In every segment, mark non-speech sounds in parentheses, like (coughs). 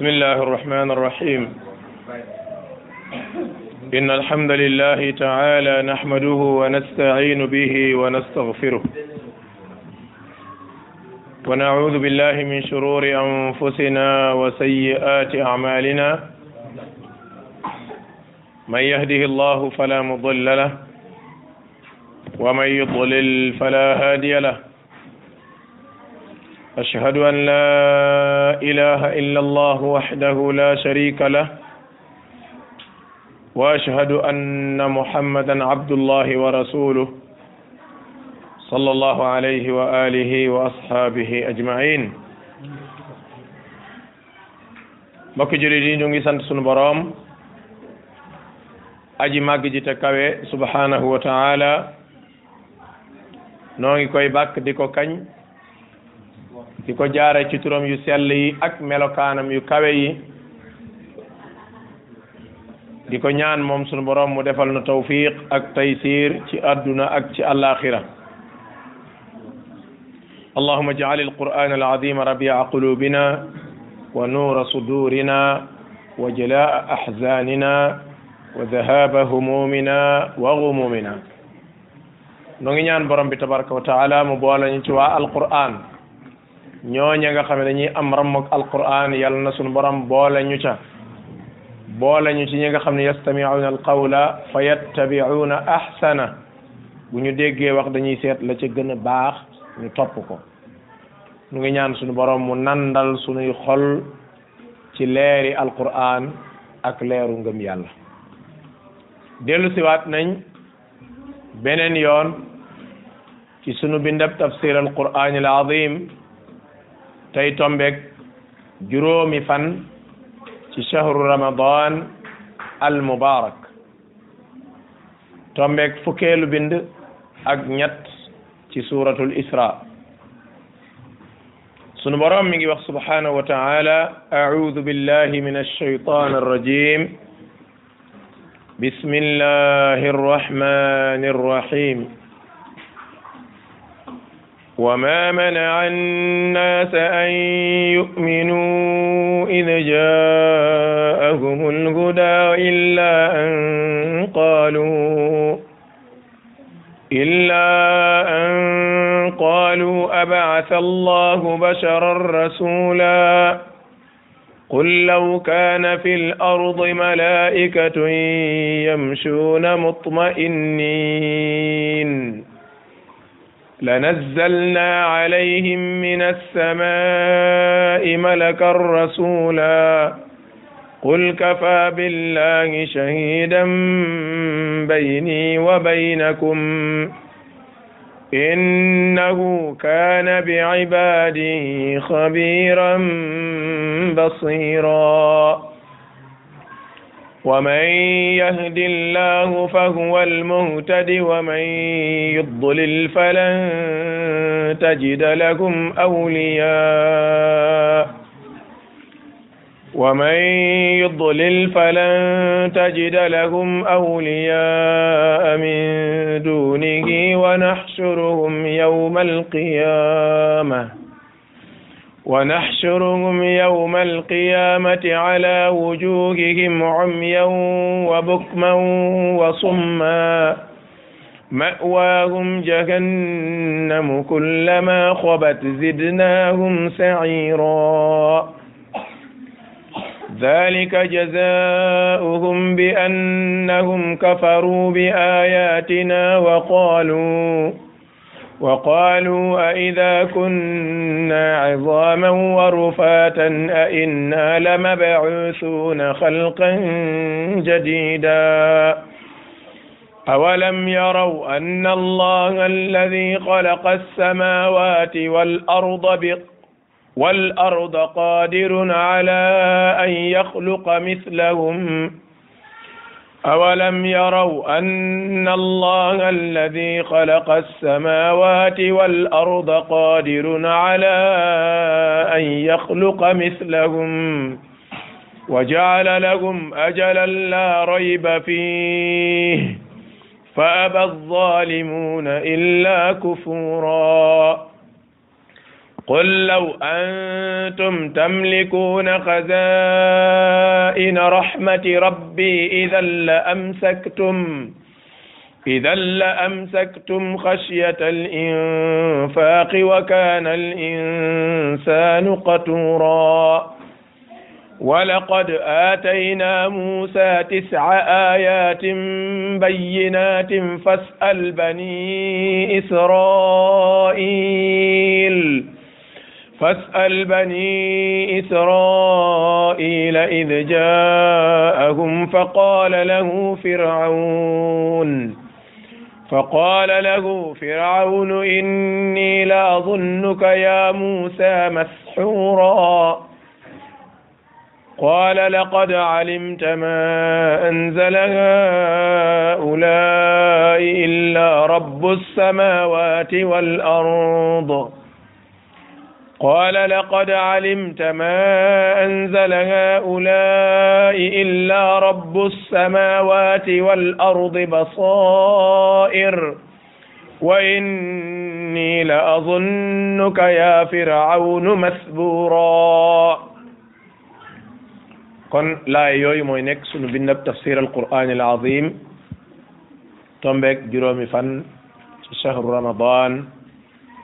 بسم الله الرحمن الرحيم إن الحمد لله تعالى نحمده ونستعين به ونستغفره ونعوذ بالله من شرور أنفسنا وسيئات أعمالنا من يهده الله فلا مضل له ومن يضلل فلا هادي له أشهد أن لا إله إلا الله وحده لا شريك له وأشهد أن محمدا عبد الله ورسوله صلى الله عليه وآله وأصحابه أجمعين mbokk جريدين جنجي سنت سنبرام أجي sunu boroom aji màgg ji te kawe subhanahu wa diko jaare ci turam yu sell yi ak melokaanam yu kawe yi diko ñaan moom sunu borom mu defal na tawfiq ak taysir ci aduna ak ci alakhira اللهم اجعل القرآن العظيم ربيع قلوبنا ونور صدورنا وجلاء أحزاننا وذهاب همومنا وغمومنا نغنيان برم تبارك وتعالى مبوالا نتوى القرآن ñooña nga xam ne dañuy am rammog alquran yàlla na sunu borom boole ñu boole ñu ci ñi nga xam ne yastami'una alqawla fa yattabi'una ahsana bu ñu déggee wax dañuy seet la ca gën baax ñu topp ko ñu ngi ñaan sunu borom mu nandal sunuy xol ci leeri alquran ak leeru ngëm yàlla dellu siwaat nañ beneen yoon ci sunu bindab tafsir alquran al azim tey tombeek juróomi fan ci shahru ramadan al mubarak tombeek fukkeelu bind ak ñett ci suratul isra sunu borom mi ngi wax subhanahu wa ta'ala a'udhu billahi minash shaytanir rajim bismillahir rahmanir rahim وما منع الناس أن يؤمنوا إذ جاءهم الهدى إلا أن قالوا إلا أن قالوا أبعث الله بشرا رسولا قل لو كان في الأرض ملائكة يمشون مطمئنين لنزلنا عليهم من السماء ملكا رسولا قل كفى بالله شهيدا بيني وبينكم إنه كان بعباده خبيرا بصيراً ومن يهد الله فهو المهتد ومن يضلل فلن تجد لهم أولياء ومن يضلل فلن تجد لهم أولياء من دونه ونحشرهم يوم القيامة ونحشرهم يوم القيامة على وجوههم عميا وبكما وصما مأواهم جهنم كلما خبت زدناهم سعيرا ذلك جزاؤهم بأنهم كفروا بآياتنا وقالوا وقالوا أئذا كنا عظاما ورفاتا أئنا لمبعوثون خلقا جديدا أولم يروا أن الله الذي خلق السماوات والأرض بق والأرض قادر على أن يخلق مثلهم ۖ أولم يروا أن الله الذي خلق السماوات والأرض قادر على أن يخلق مثلهم وجعل لهم أجلا لا ريب فيه فأبى الظالمون إلا كفوراً قل لو أنتم تملكون خزائن رحمة ربي إذا لأمسكتم إذا لأمسكتم خشية الإنفاق وكان الإنسان قتورا ولقد آتينا موسى تسع آيات بينات فاسأل بني إسرائيل فاسأل بني إسرائيل إذ جاءهم فقال له فرعون فقال له فرعون إني لأظنك يا موسى مسحورا قال لقد علمت ما أنزل هؤلاء إلا رب السماوات والأرض قال لقد علمت ما انزل هؤلاء الا رب السماوات والارض بصائر واني لاظنك يا فرعون مثبورا كن لا يوي موي نيك تفسير القران العظيم تومبك جيرومي فن شهر رمضان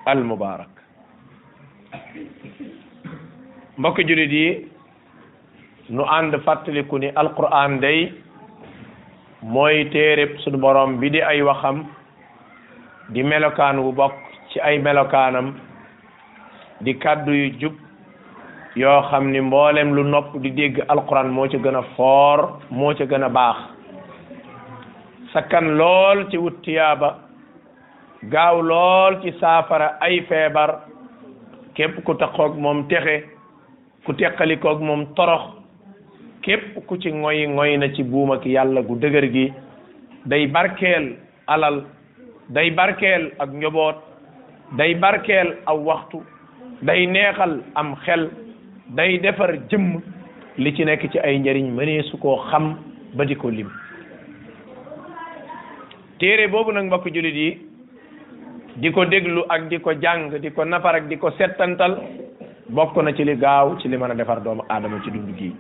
المبارك mbokki jullit yi nu ànd fàttaliku ni alquran day mooy téere su boroom bi di ay waxam di melokaan wu bokk ci ay melokaanam di kàddu yu jub yoo xam ni mboolem lu nopp di dégg alquran moo ci gën a foor moo ci gën a baax sakkan lool ci wut tiyaaba gaaw lool ci saafara ay feebar képp ku takkoog moom texe ku teqalikook moom torox képp ku ci ngoy ngoy na ci buum ak yàlla gu dëgër gi day barkeel alal day barkeel ak njoboot day barkeel aw waxtu day neexal am xel day defar jëmm li ci nekk ci ay njariñ mënee koo xam ba di ko lim téere boobu nag mbokk jullit yi di ko déglu ak di ko jàng di ko nafar ak di ko settantal bokk na ci li gaaw ci li mën a defar doomu aadama ci dund gi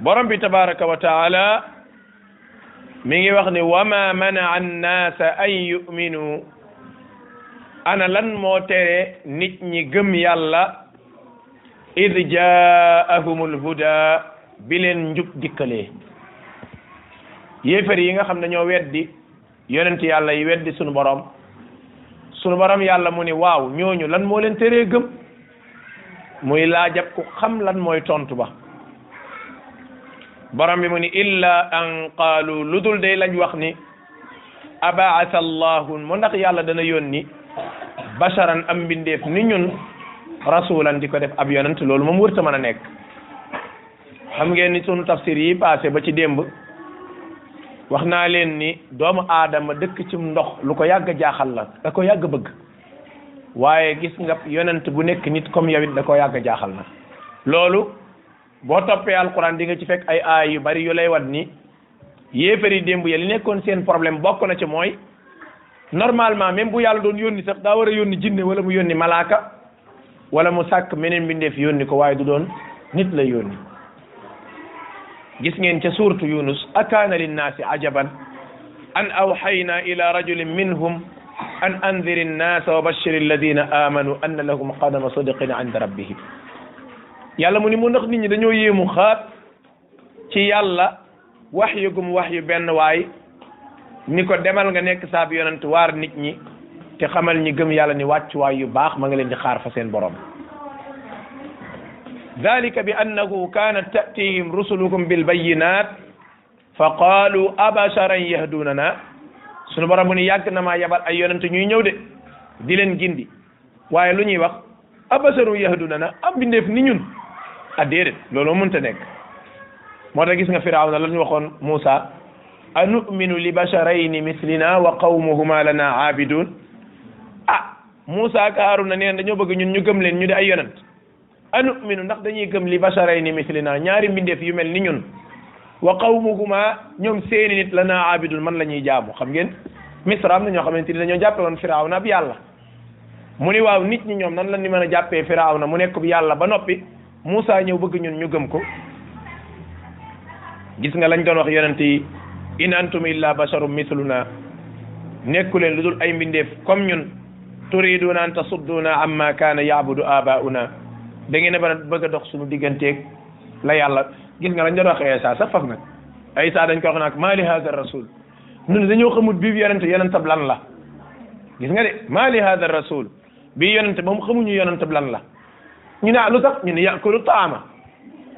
borom bi tabaraka wa mi ngi wax ni wama manaa annaasa an yuminu ana lan moo tere nit ñi gëm yàlla id jaahumul huda bi leen njub dikkalee yéefar yi nga xam ne ñoo weddi yonent yàlla yi weddi sunu borom sunu borom yàlla mu ni waaw ñooñu lan moo leen teree gëm muy laajab ku xam lan mooy tontu ba borom bi mu ni illa an qaalu lu dul day lañ wax ni abaasa allahu mu ndax yàlla dana yónni basharan am mbindeef ni ñun rasulan di ko def ab yonent loolu moom wërta mën a nekk xam ngeen ni sunu tafsir yi passé ba ci démb wax naa leen ni doomu aadama dëkk cim ndox lu ko yàgg jaaxal la da ko yàgg bëgg waaye gis nga yonent bu nekk nit comme yow it da ko yàgg jaaxal na loolu boo toppee alquran di nga ci fekk ay aay yu bari yu lay wat ni yéefari démb ya li nekkoon seen problème bokk na ci mooy normalement même bu yàlla doon yónni sax daa war a yónni jinne wala mu yónni malaaka wala mu sàkk meneen mbindeef yónni ko waaye du doon nit lay yónni gis ngeen ca suurtu yunus akaana linnaasi ajaban an awxayna ila rajulin minhum an andir innaasa wa bashir alladina amanu anna lahum qadama sadiqin inda rabbihim yàlla mu ni mu ndax nit ñi dañoo yéemu xaat ci yàlla wax yu gum wax yu benn waay ni ko demal nga nekk saab yonent waar nit ñi te xamal ñi gëm yàlla ni wàccuwaay yu baax ma nga leen di xaar fa seen borom dalika bi annahu kanat tatihim rusulukum bilbayinat fa qaalu abasharan yahdunana sunu borom mu ni yàgg na maa yabal ay yonent ñuy ñëw de di leen gindi waaye lu ñuy wax abasharu yahdunana am bindeef ni ñun a ah, déedéet loolu mënta nekk moo tax gis nga firawna la ñu waxoon Muusa a nu'minu li basharayni mislina wa qawmuhuma lana aabidun ah Muusa ak Haaruna neen dañoo bëgg ñun ñu gëm leen ñu di ay yonent anuminu ndax dañuy gëm li basaray ni mislina ñaari mbindeef yu mel ni ñun wa qawmuhuma ñoom seeni nit la naa abidun man la ñuy jaamu xam ngeen misra am na ñoo xamante ni dañoo jàppe woon firaaw na ab yàlla mu ni waaw nit ñi ñoom nan la ñu mën a jàppee firaaw na mu nekk yàlla ba noppi Moussa ñëw bëgg ñun ñu gëm ko gis nga lañ doon wax yonent yi in antum illa basharum misluna nekku leen lu dul ay mbindeef comme ñun turiduna an tasudduna amma kaana yaabudu abauna da ngeen a bëgg a dox suñu digganteeg la yàlla gis nga lañ doon wax Isa sax faf nag Isa dañ ko wax nag maa li haada rasul ñun dañoo xamul bii yonente yonentab lan la gis nga de maa li haada rasul bii yonente ba mu xamuñu yonentab lan la ñu ne ah, lu tax ñu ne yakulu taama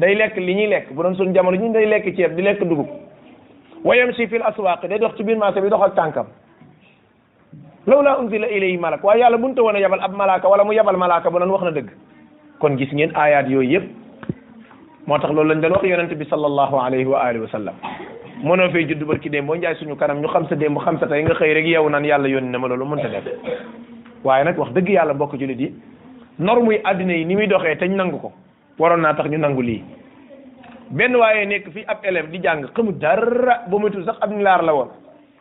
day lekk li ñuy lekk bu doon suñu jamono ñun day lekk ceeb di lekk dugub wayam si fil aswaq day dox ci biir marché bi dox ak tànkam lawla unzila ilayhi malak waaye yàlla bunta woon a yabal ab malaka mu yabal malaka bu doon wax na dëgg kon gis ngeen aayaat yooyu yëpp moo tax loolu lañ doon wax yonent bi sallallahu alayhi wa alihi wa sallam mënoo fay judd barki démb boo njaay suñu kanam ñu xam sa démb xam sa nga xëy rek yow naan yàlla yónni na ma loolu mënta def waaye nag wax dëgg yàlla mbokk jullit yi norme yi àddina yi ni muy doxee te nangu ko waroon naa tax ñu nangu lii benn waaye nekk fii ab élève di jàng xamul dara ba matul sax ab laar la woon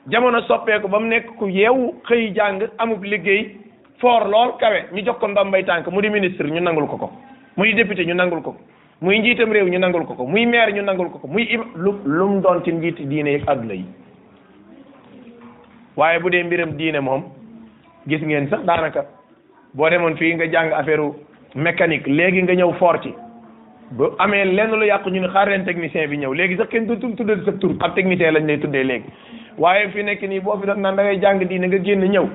jamono soppeeku ba mu nekk ku yeewu xëy jàng amub liggéey foor lool kawe ñu jox ko ndombay tànk mu di ministre ñu nangul ko ko muy député ñu nangul ko ko muy njiitam réew ñu nangul ko ko muy maire ñu nangul ko ko muy im lu lu mu doon ci njiit diine yeeg adduna yi waaye bu dee mbiram diine moom gis ngeen sax daanaka boo demoon fii nga jàng affaire mécanique léegi nga ñëw foor ci bu amee lenn lu yàqu ñu ne xaar leen technicien bi ñëw léegi sax kenn du tuddati sa tur ab technicien lañ lay tuddee léegi waaye fi nekk nii boo fi doon naan da ngay jàng diine nga génn ñëw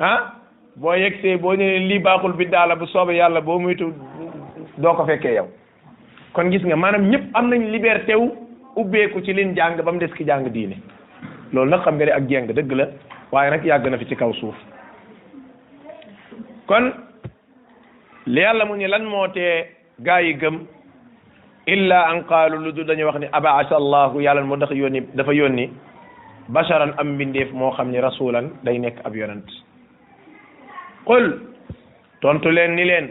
ah? boo yegsee boo ñëwee lii baaxul bi daala bu soobee yàlla boo muy muytu doo ko fekkee yow kon gis nga maanaam ñëpp am nañ liberté wu ubbeeku ci liñ jàng ba mu des ki jàng diine loolu nag xam nga ne ak jeng dëgg la waaye nag yàgg na fi ci kaw suuf kon li yàlla mu ni lan moo tee gaa yi gëm illa an qaalu lu dul dañuy wax ni abaasa allahu yàlla moo tax yónni dafa yónni basharan am mbindeef moo xam ni rasulan day nekk ab yonant qul tontu leen ni leen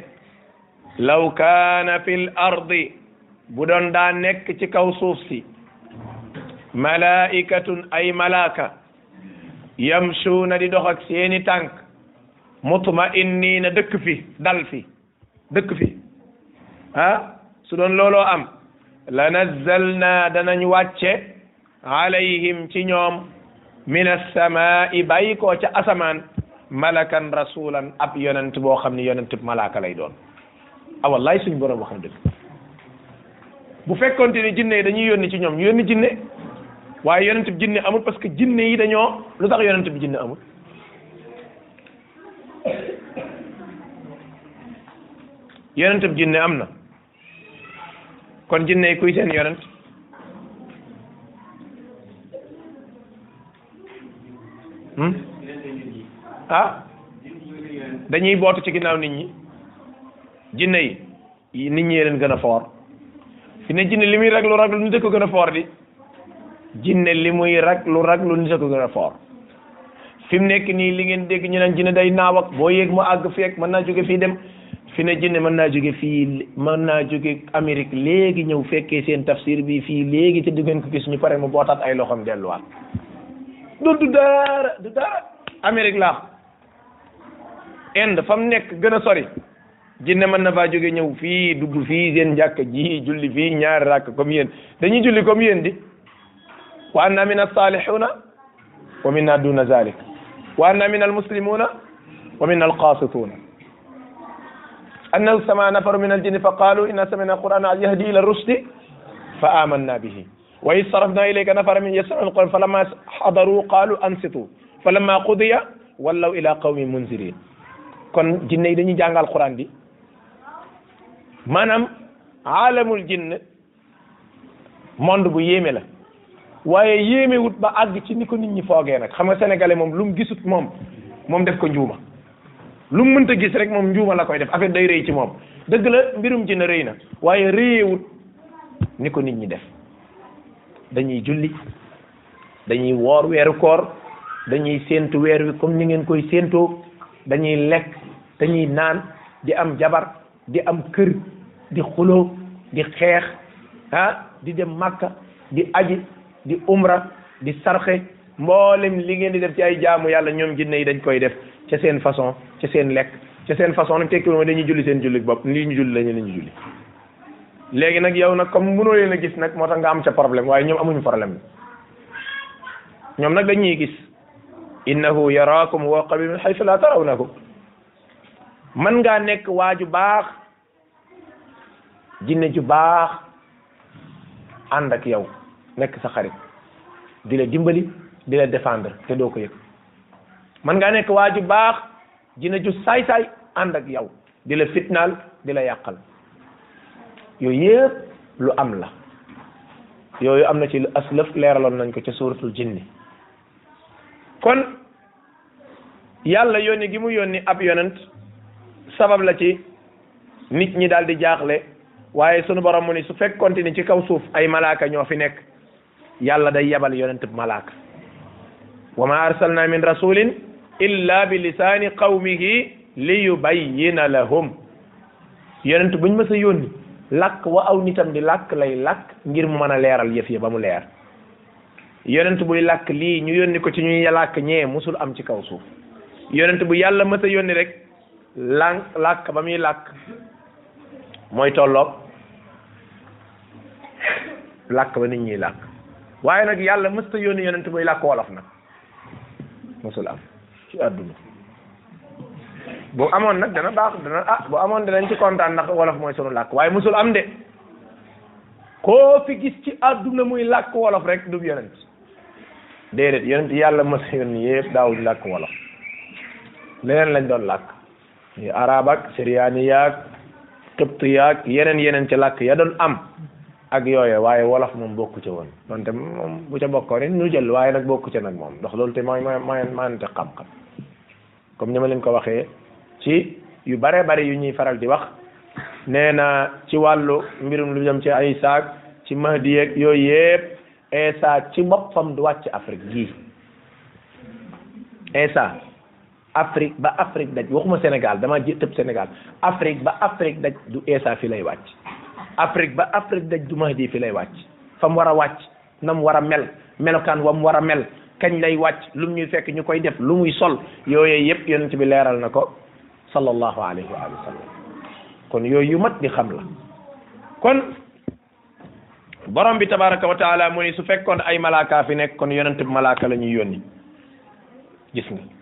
law kaana fil ardi bu doon daa nekk ci kaw suuf si malaikatun ay malaaka yamshuuna di dox ak seeni tànk mutma'inniina dëkk fi dal fi dëkk fi ah su doon looloo am la nazzalna danañ wàcce alayhim ci ñoom min assamaa'i bàyyi ko ca asamaan malakan rasulan ab yonent boo xam ne yonent malaaka lay doon ah wallaay suñu borom wax na dëgg bu fekkonte ne jinne yi dañuy yónni ci ñoom ñu yónni jinne waaye yonent bi jinne amul parce que jinne yi dañoo lu tax yonent bi jinne amul yonent am na kon jinne yi kuy seen yonent hmm? ah dañuy bootu ci ginnaaw nit ñi jinne yi nit ñi leen gën a foor fi ne jinne li muy raglu raglu nit a ko gën a foor di jinne li muy raglu raglu nit a ko gën a foor fi mu nekk nii li ngeen dégg ñu naan jinne day naaw ak boo yéeg mu àgg fi ak mën naa jóge fii dem fi ne jinne mën naa jóge fii mën naa jóge Amérique léegi ñëw fekkee seen tafsir bi fii léegi te du ko gis ñu pare mu bootaat ay loxoom delluwaat du du dara du dara Amérique laa inde fam nek gëna sori jinne man na faa jóge ñëw fi dugg fi seen jakk ji julli fi ñaar rak comme yéen dañuy julli comme yéen di wa anna min as alsalihuna wa minna duna zalik wa anna min al-muslimuna wa minna al alqasituna annahu sama nafar min al aljinni fa qalu inna samina qur'ana yahdi ila ar rusdi fa amanna bihi wa وإذ ilayka nafar min من al القرآن falamma hadaru qalu ansitu falamma qudiya wallaw ila قوم munzirin kon jinne yi dañuy jàngal alquran bi maanaam aalamul jinn monde bu yéeme la waaye yéemewut ba àgg ci ni ko nit ñi foogee nag xam nga sénégalais moom lu mu gisut moom moom def ko njuuma lu mu mënta gis rek moom njuuma la koy def affaire day rëy ci moom dëgg la mbirum jinn rëy na waaye rëyeewut ni ko nit ñi def dañuy julli dañuy woor weeru koor dañuy séentu weer wi comme ni ngeen koy séentoo dañuy lekk dañuy naan di am jabar di am kër di xuloo di xeex ah di dem Makka di aji di umra di sarxe mboolem li ngeen di def ci ay jaamu yàlla ñoom jinne yi dañ koy def ca seen façon ci seen lekk ca seen façon nag tekki mooy dañuy julli seen julli bopp lii ñu julli la ñu ñu julli léegi nag yow nag comme mënoo leen a gis nag moo tax nga am ca problème waaye ñoom amuñu problème ñoom nag dañuy gis innahu yaraakum wa qabilu haythu na ko man ngaa nekk waa ju baax jinne ju baax ànd ak yow nekk sa xarit di la dimbali di la défendre te doo ko yëg man ngaa nekk waa ju baax jinne ju saay-saay ànd ak yow di la fitnaal di la yàqal yooyu yëpp lu am la yooyu am na ci lu aslëf leeraloon nañ ko ca suuratul jinni kon yàlla yónni gi mu yónni ab yonent sabab la ci nit ñi daal di jaaxle waaye sunu borom ni su fekkonte ni ci kaw suuf ay malaaka ñoo fi nekk yàlla day yebal yonentub malaaka wa ma arsalna min rasulin illa bi lisaani qawmihi li yubayyina lahum yonent buñ mës a yónni làkk wa aw nitam di làkk lay làkk ngir mu mën a leeral yëf yi ba mu leer yonent buy làkk lii ñu yónni ko ci ñuy làkk ñee musul am ci kaw suuf yonent bu yàlla mës a yónni rek lànk làkk ba muy làkk mooy tolloog làkk ba nit ñiy làkk waaye nag yàlla mësta yoon yonent buy làkk wolof nag mosul am ci àdduna bu amoon nag dana baax dana ah bu amoon danañ ci kontaan ndax wolof mooy sunu làkk waaye mosul am de koo fi gis ci àdduna muy làkk wolof rek du yonent déedéet yonent yàlla mësta yónni yëpp daawuñ làkk wolof leneen lañ doon làkk arab ak siriyaani yaag qibt yaag yeneen yeneen ci làkk ya doon am ak yooye waaye wolof moom bokku ca woon donte moom bu ca bokkoon it ñu jël waaye nag bokku ca nag moom ndax loolu te mooy mooy maante xam-xam comme ni ma leen ko waxee ci yu bare bare yu ñuy faral di wax nee na ci wàllu mbirum lu jëm ci ay saak ci mahdi yeeg yooyu yëpp Isa ci boppam du wàcc Afrique gii Isa Afrique ba Afrique daj waxuma Sénégal damaa ji tëb Sénégal Afrique ba Afrique daj du Eesa fi lay wàcc Afrique ba Afrique daj du Mahdi fi lay wàcc fa mu war a wàcc na mu war a mel melokaan wa mu war a mel kañ lay wàcc lu mu ñuy fekk ñu koy def lu muy sol yooyee yëpp yonent bi leeral na ko sallallahu alayhi wa sallam kon yooyu yu mat di xam la kon borom bi tabaraka wa taala mu ni su fekkoon ay malaaka fi nekk kon yonent bi malaaka la ñuy yónni gis nga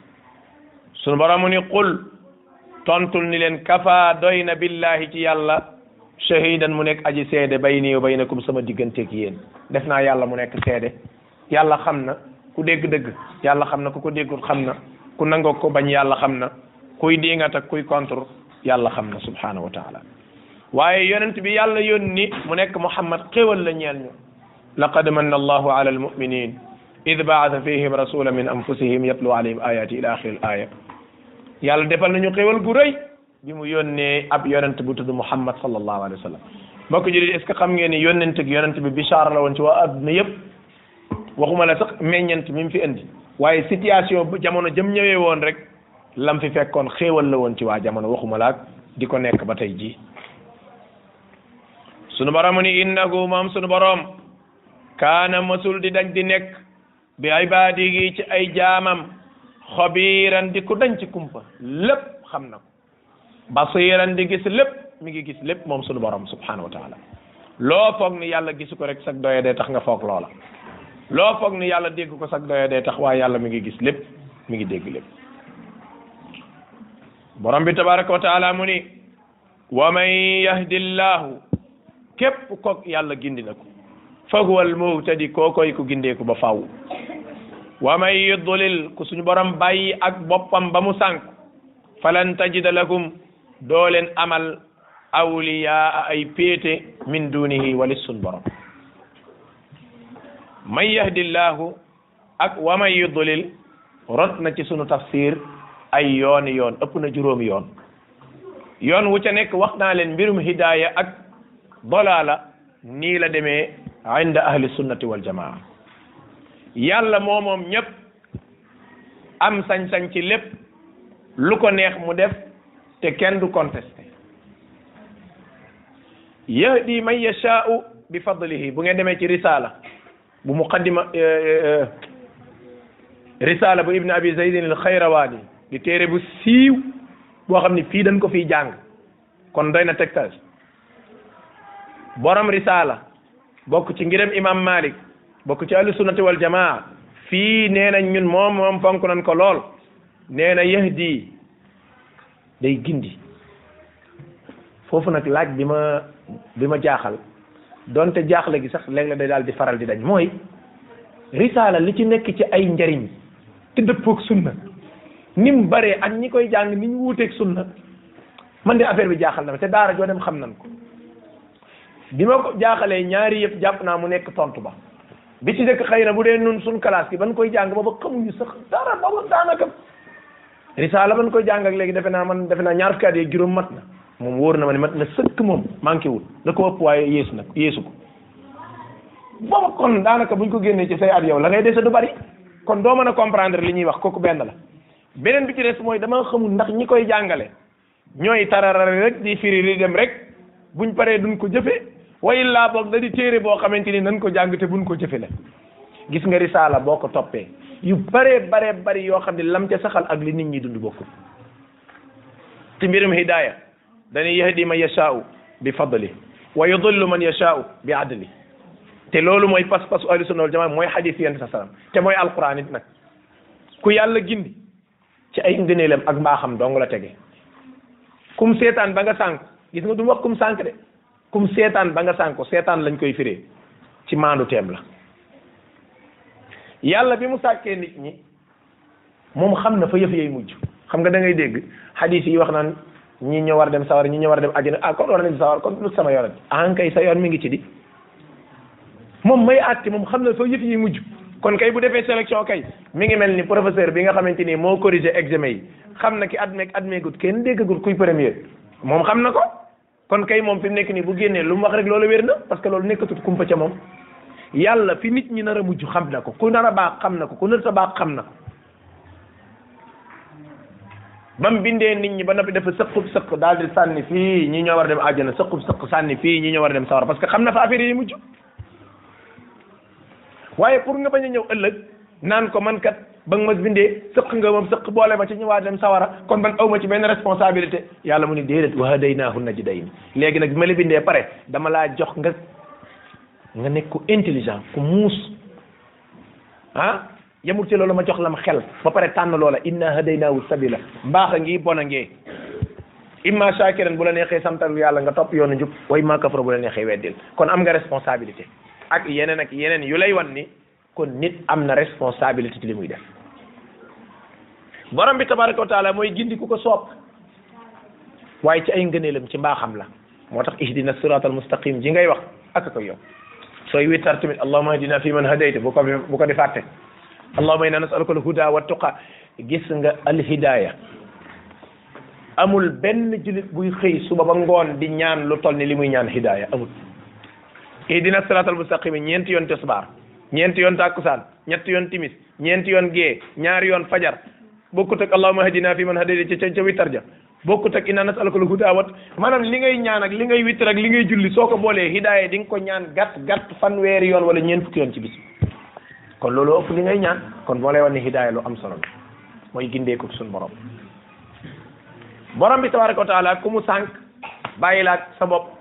sunu borom ni qul tontul ni len kafa doyna billahi ci yàlla shahidan mu nek aji sede bayni wa baynakum sama digante ak yéen defna yàlla mu nek sede yàlla xamna ku deg deg yàlla xamna ku ko degul xamna ku nango ko bañ yàlla xamna kuy diingat ak kuy contre yàlla xamna subhanahu wa taala waye yonent bi yàlla yónni mu nek muhammad xéwal la ñeel ñu laqad manna allahu ala almuminin إذ بعث فيهم رسولا من أنفسهم يتلو عليهم آياتي إلى آخر الآية yàlla defal nañu xéwal gu rëy bi mu yónnee ab yonent bu tudd Muhammad sallallahu alayhi wa sallam mbokk jullit est-ce que xam ngeen ni yonent gi yonent bi bichara la woon ci waa adduna yëpp waxuma la sax meññent mi mu fi indi waaye situation jamono jëm ñëwee woon rek lam fi fekkoon xéewal la woon ci waa jamono waxuma la di ko nekk ba tey ji sunu borom ni innahu moom sunu borom kaana masul di daj nekk bi ibaadihi ci ay jaamam xobiiran di ku dañ ci kumpa lépp xam na ko basiiran di gis lépp mi ngi gis lépp moom sunu borom subhanahu wa taala loo foog ni yàlla gisu ko rek sag doye dee tax nga foog loola loo foog ni yàlla dégg ko sag doye dee tax waaye yàlla mi ngi gis lépp mi ngi dégg lépp borom bi tabaraka wa mu ni wa man yahdillahu képp koog yàlla gindi na ko fa huwa almuhtadi koy ku gindeeku ba faw wa man yudlil ku borom bàyyi ak boppam ba mu sànk falan tajida lakum doo amal awliyaa ay péete min dunihi walis suñu borom man yahdillahu ak wa man yudlil rot na ci sunu tafsir ay yoon yoon ëpp na juróom yoon yoon wu ca nekk wax naa leen mbirum hidaaya ak dolaala nii la demee inda ahli sunnati wal jamaa yàlla moo moom ñépp am sañ-sañ ci lépp lu ko neex mu def te kenn du contesté yahdi man yashaa'u bi fadlihi bu ngeen demee ci risala bu muqaddima eh, eh, eh, risala bu ibn abi zaydin al xayrawaani di téere bu siiw boo xam ne fii dañ ko fiy jàng kon doy na tegtal borom risala bokk ci ngiram imam malik bokk ci ahlu sunnati wal jamaa fii nee na ñun moom moom fonk nañ ko lool neena na di day gindi foofu nag laaj bi ma bi ma jaaxal donte jaaxle gi sax léeg la day daal di faral di dañ mooy risaala li ci nekk ci ay njariñ te dëppook sunna ni mu baree ak ñi koy jàng ni ñu wuuteeg sunna man de affaire bi jaaxal na ma te daara joo dem xam nan ko bi ma ko jaaxalee ñaari yëpp jàpp naa mu nekk tontu ba bi ci njëkk xëy na bu dee nun suñ classe bi ban koy jàng booba xamuñu sax dara booba daanaka risaala ban koy jàng léegi defe naa man defe naa ñaar fukki at yeeg juróom mat na moom woor na ma ne mat na sëkk moom manqué wul da ko ëpp waaye yeesu nag yeesu ko booba kon daanaka buñ ko génnee ci say at yow la ngay dese du bari kon doo mën a comprendre li ñuy wax kooku benn la beneen bi ci des mooy dama xamul ndax ñi koy jàngale ñooy tararare rek di firi di dem rek bu ñu paree duñ ko jëfee wa illaa boog da di téere boo xamante ni nan ko jàng te buñ ko jëfe la gis nga risaala boo ko toppee yu bare bare bari yoo xam ne lam ca saxal ak li nit ñi dund bokkul ci mbirum hidaaya dañuy yahdi man yashaau bi fadli wa yudillu man yashaau bi adli te loolu mooy pas-pasu ahlu sunna wal jamaa mooy xadis yonent sa salaam te mooy alquran it ku yàlla gindi ci ay ngëneelam ak mbaaxam dong la tege kum seetaan ba nga sànq gis nga du wax kum sànq de kum seetaan ba nga sànko seetaan lañ koy firee ci maandu teem la yàlla bi mu sàkkee nit ñi moom xam na fa yëf yay mujj xam nga da ngay dégg hadith yi wax naan ñi ñoo war dem sawar ñi ñoo war dem àjjana ah kon war nañ sawar kon lu sama yoon ah kay sa yoon mi ngi ci di moom may àtte moom xam na fa yëf yi mujj kon kay bu defee sélection kay mi ngi mel ni professeur bi nga xamante ni moo corrigé examen yi xam na ki admeeg admeegut kenn déggagul kuy premier moom xam kon kay moom fi nekk nii bu génnee lu mu wax rek loolu wér na parce que loolu nekkatut kumpa ca moom yàlla fi nit ñi nar a mujj xam na ko ku nar a baax xam na ko ku nar a baax xam na ko ba mu bindee nit ñi ba noppi dafa sëqub sëq daal di sànni fii ñi ñoo war a dem àjjana sëqub sëq sànni fii ñi ñoo war a dem parce que xam na fa affaire yi mujj waaye pour nga bañ a ñëw ëllëg naan ko man kat ba nga ma bindee sëq nga moom sëq boole ma ci ñu waa dem sawara kon man awma ci mel benn responsabilité yàlla mu ni déedéet wa hadaynaahu najdayn léegi nag bi ma la bindee pare dama laa jox nga nga nekk ku intelligent ku muus ah yemul ci loolu ma jox lam xel ba pare tànn loola inna hadaynaahu la mbaax a ngi bon a ngee imma shakiran bu la neexee santal yàlla nga topp yoonu njub wa imma kafara bu la neexee weddil kon am nga responsabilité ak yeneen ak yeneen yu lay wan ni kon nit am na responsabilité ci li muy def borom bi tabaraka wa taala mooy gindi ku ko soob waaye ci ay ngëneelam ci mbaaxam la moo tax ihdina siratal mustaqim ji ngay wax ak ko yow sooy wittar tamit allahumma ihdina fi man hadayta bu ko bu ko di fàtte allahumma inna nasaluka al huda wa tuqa gis nga al hidaya amul benn julit buy xëy suba ba ngoon di ñaan lu toll ni li muy ñaan hidaya amul ihdina siratal mustaqim ñeenti yoon tisbaar ñeenti yoon takkusaan ñetti yoon timis ñeenti yoon gee ñaari yoon fajar bokkut ak allahumma hadina fi man hadayta ca ca ca wittar ja bokkut ak inna nasaluka al huda wat maanaam li ngay ñaan ak li ngay wittar ak li ngay julli soo ko boolee hidaaya di nga ko ñaan gàtt gàtt fanweeri yoon wala ñeent fukki yoon ci bis kon loolu ëpp li ngay ñaan kon moo lay wax ne hidaaya lu am solo la mooy gindeeku suñu borom borom bi tabaraka wa taala ku mu sànq bàyyi laak sa bopp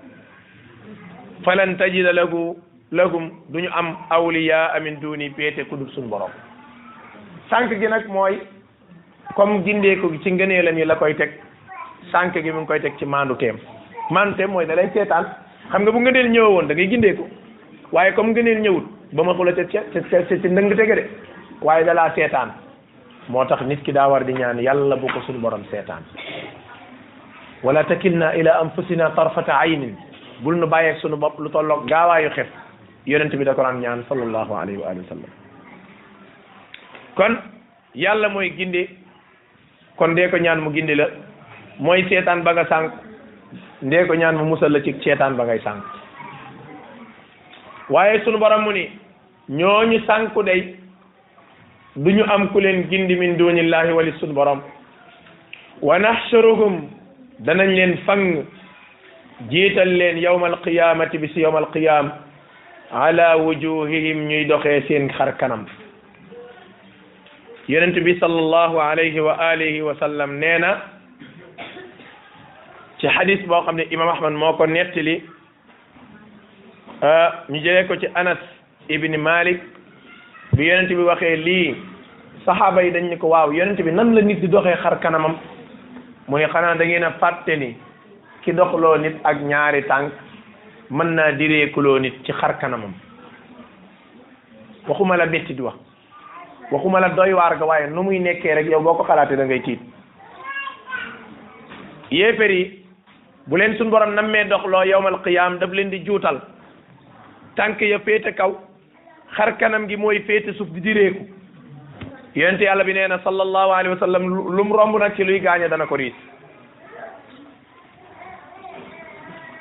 falan tajida lagu lagum du ñu am awliyaa amin duni péete ku dul suñu gi nag mooy comme gindee ko ci ngëneelam yi la koy teg sànq gi mu ngi koy teg ci maandu teem maandu teem mooy da lay seetaan xam nga bu ngëneel woon da ngay ko waaye comme ngëneel ñëwut ba ma xula a ca ca ca ndëng tege de waaye da laa seetaan moo tax nit ki daa war di ñaan yàlla bu ko suñu borom seetaan wala takilna ila anfusina tarfata aynin bul nu bàyyeeg suñu bopp lu tolloog gaawaayu xef yonent bi da ko ñaan sallallahu alayhi wa alihi wa sallam kon yàlla mooy ginde kon dee ko ñaan mu gindi la mooy seetaan ba nga sànq ndee ko ñaan mu musal la ci seetaan ba ngay sànq waaye sunu borom mu ni ñooñu sànku day du ñu am ku leen gindi min dunillahi wali sunu borom wa nahshuruhum danañ leen fan jiital leen yawmal qiyamati bi si yawmal qiyam ala wujuhihim ñuy doxee seen xar kanam yonent bi sallallahu alayhi wa alihi wa sallam nee na ci hadis boo xam ne imam ahmad moo ko li euh, ñu jëlee ko ci anas ibni malik bi yonent bi waxee lii saxaaba yi dañ ne ko waaw yonent bi nan la nit di doxee xar kanamam mu ne xanaa da ngeen a fàtte ni ki doxloo nit ak ñaari tànk mën naa direekuloo nit ci xar kanamam waxuma la di wax waxuma la doy waar ga waaye nu muy nekkee rek yow boo ko xalaatee da ngay tiit yéefér yi bu leen suñ borom nam mee dox loo yowmal qiyaam daf leen di juutal tànk ya féete kaw xar kanam gi mooy féete suuf di réeku yonent yàlla bi nee na sallallahu alayhi wa lu mu romb nag ci luy gaañe dana ko riis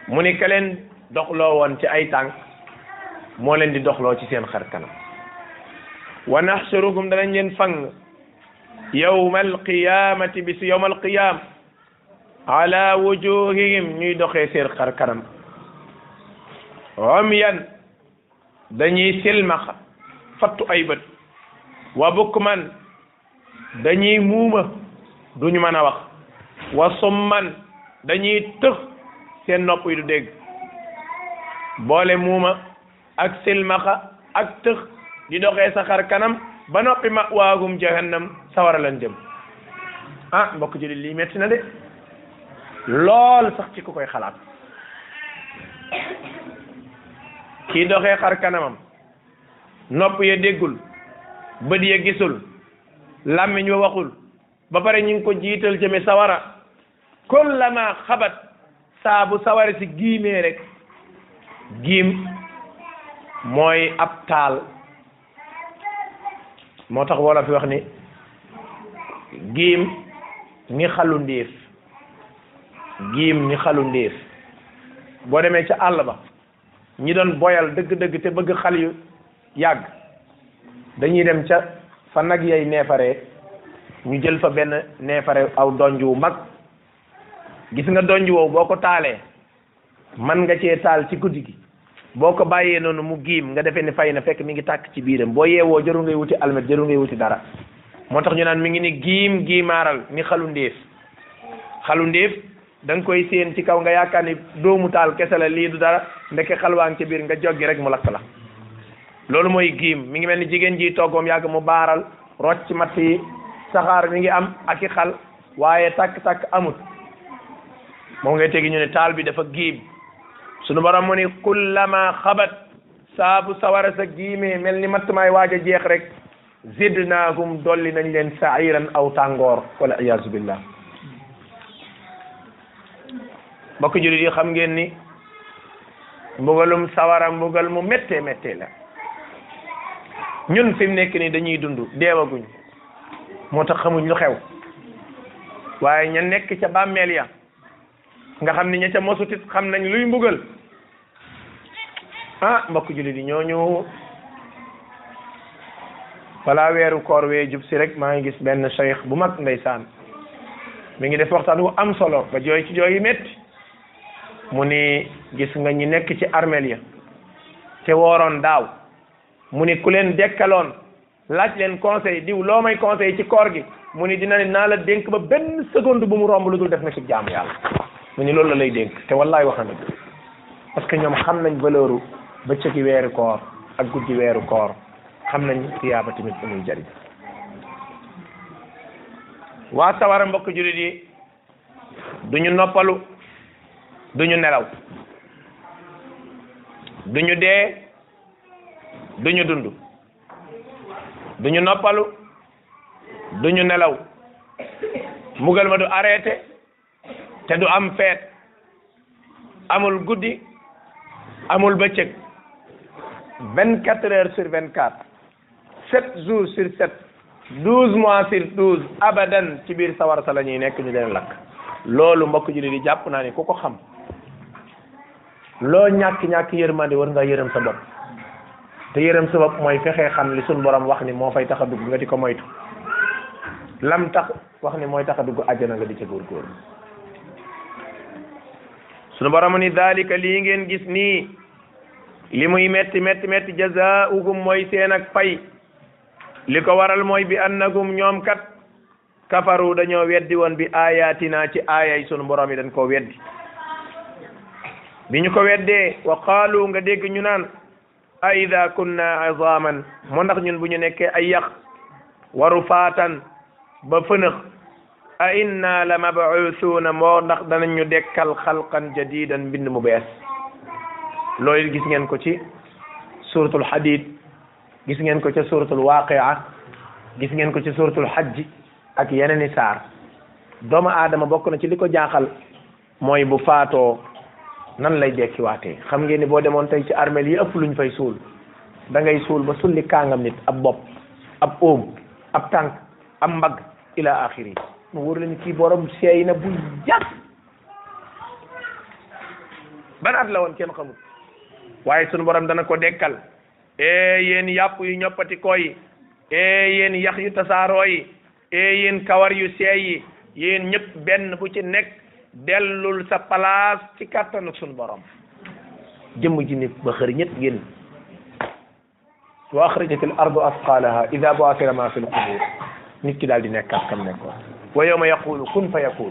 mu ni ka leen doxloo woon ci ay tànk moo leen di doxloo ci seen xar kanam wa naxsuruhum danañ leen fang yawma alqiyamati bi si yawma alqiyama ala wujuhihim ñuy doxe seen xar kanam umyan dañuy silmaxa fattu ay bët wa bukman dañuy muuma duñu mën a wax wa summan dañuy tëx seen nopp yi du dégg boole muuma ak silmaxa ak tëx di doxee sa xar kanam ba noppi ma waagum jahannam sawara lan jëm ah mbokk jullit lii metti na de lool sax ci ko koy xalaat kii doxee xar kanamam nopp ya déggul bët ya gisul làmmiñ wa waxul ba pare ñu ngi ko jiital jëme sawara kullama xabat saabu bu sawara si giimee rek giim mooy ab taal moo tax wolof fi wax ni giim ni xalu ndiif giim ni xalu ndiif boo demee ca àll ba ñi doon boyal dëgg-dëgg te bëgg xal yu yàgg dañuy dem ca fa nag yay neefare ñu jël fa benn neefare aw donj wu mag gis nga donj woowu boo ko taalee man nga cee taal ci guddi gi boo ko bàyyee noonu mu giim nga defee ne fay na fekk mi ngi tàkk ci biiram boo yeewoo jarul ngay wuti almet jarul ngay wuti dara moo tax ñu naan mi ngi ni giim giimaaral ni xalu ndéef xalu ndéef da koy séen ci kaw nga yaakaar ni doomu taal kese la lii du dara ndeke xalwaan ci biir nga joggi rek mu lakk la loolu mooy giim mi ngi mel ni jigéen ji toggoom yàgg mu baaral rocc matt yi saxaar mi ngi am ak i xal waaye takk-takk amut moom ngay tegi ñu taal bi dafa giim sunu borom mu ni kullama xabat saabu sawara sa giimee mel ni matt maay waaj a jeex rek zidnaahum dolli nañ leen sairan aw tàngoor wala iyaazu billah mbokk julit yi xam ngeen ni mbugalum sawara mbugal mu méttee méttee la ñun fi nekk nii dañuy dund deewaguñ moo tax xamuñ lu xew waaye ña nekk ca bàmmeel ya nga xam ni ña ca mosutit xam nañ luy mbugal ah mbokk jullit yi ñooñu balaa weeru koor wee jub si rek maa ngi gis benn cheikh bu mag ndeysaan mu ngi def waxtaan wu am solo ba jooy ci jooy yi métti mu ni gis nga ñu nekk ci armeel ya te wooroon daaw mu ni ku leen dekkaloon laaj leen conseil diw loo may conseil ci koor gi mu ni dina ne naa la dénk ba benn seconde bu mu romb lu dul def na ci jaamu yàlla mu ni loolu la lay dénk te wallaay wax na dëgg parce que ñoom xam nañ valeur bëccëgi weeru koor ak guddi weeru koor xam nañ tiyaaba tamit bu muy jariñ waa sawara mbokk jullit yi duñu noppalu duñu nelaw duñu dee duñu dund duñu noppalu duñu nelaw mbugal ma du arrêté te du am feet amul guddi amul bëccëg vingt quatre heures sur vingt quatre sept jours sur sept douze mois sur douze abadan ci biir sawar sa la ñuy nekk ñu leen lakk loolu mbokk jullit yi jàpp naa ni ku ko xam loo ñàkk ñàkk yërmande war nga yërëm sa bopp te yërëm sa bopp mooy fexee xam li suñ borom wax ni moo fay tax a dugg nga di ko moytu lam tax wax ni mooy tax a dugg àjjana nga di ca góor suñu borom ni daalika lii ngeen gis nii li muy metti metti metti jazaa'uhum mooy seen ak li ko waral mooy bi annahum ñoom kat kafaru dañoo weddi woon bi ayatina ci aayay sunu borom yi dañ koo weddi bi ñu ko weddee wa qaalu nga dégg ñu naan a ida kunna azaman moo ndax ñun bu ñu nekkee ay yaq waru faatan ba fënëx a inna la mabuusuuna moo ndax danañ ñu dekkal xalqan jadidan mbind mu bees looy gis ngeen ko ci suratul hadid gis ngeen ko ca suratul waaqia gis ngeen ko ci suratul hajj ak yeneen i saar doomu aadama bokk na ci li ko jaaxal mooy bu faatoo nan lay dekkiwaatee xam ngeen ni boo demoon tey ci armeel yi ëpp luñ fay suul da ngay suul ba sulli kàngam nit ab bopp ab oom ab tànk ab mbag ila axiri mu wóor la ni kii borom seey na bu yàgg ban at la woon kenn xamul waaye sunu borom dana ko dekkal ee eh, yéen yàpp yu ñoppati ko yi ee eh, yéen yax yu tasaaroo yi ee eh, yéen kawar yu seey yi yéen ñëpp benn bu ci nekk dellul sa place ci kàttanu sunu borom jëmm ji ne ba xër ñëpp génn wa axrajatil ardu asqalaha ida bu'athira ma fil qubur nit ki daal di nekkaat kam nekkoon wa yawma yaqulu kun fa yakun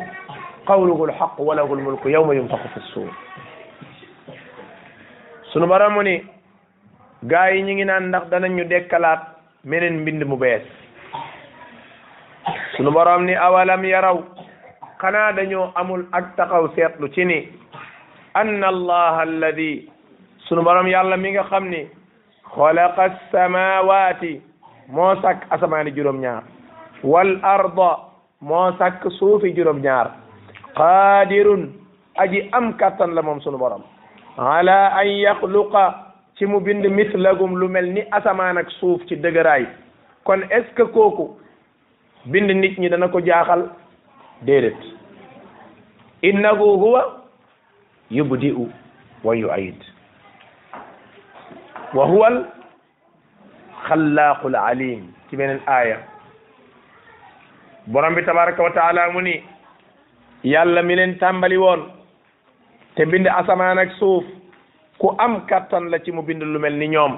qawluhu alxaq wa lahu almulku yawma yunfaxu fi suur sunu borom mu ni gaa yi ñu ngi naan ndax danañ ñu dekkalaat meneen mbind mu bees sunu borom ni awalam yaraw xanaa amul ak taxaw seetlu ci ni anna allah alladi sunu borom yàlla mi nga xam ni xalaqa samawati moo sàkk asamaani juróom-ñaar wal arda moo sàkk suufi juróom-ñaar qaadirun aji am kattan la moom sunu borom ala an yaxluqa ci mu bind mislagum lu mel ni asamaan ak suuf ci dëgëraay kon est ce que kooku bind nit ñi dana ko jaaxal déedéet innahu huwa yubdi'u wa yu'id wa huwa al xallaaqul alim ci beneen aaya borom bi tabaraka wa taala mu ni yàlla mi leen tàmbali woon te bind asamaan ak suuf ku am kàttan la ci mu bind lu mel ni ñoom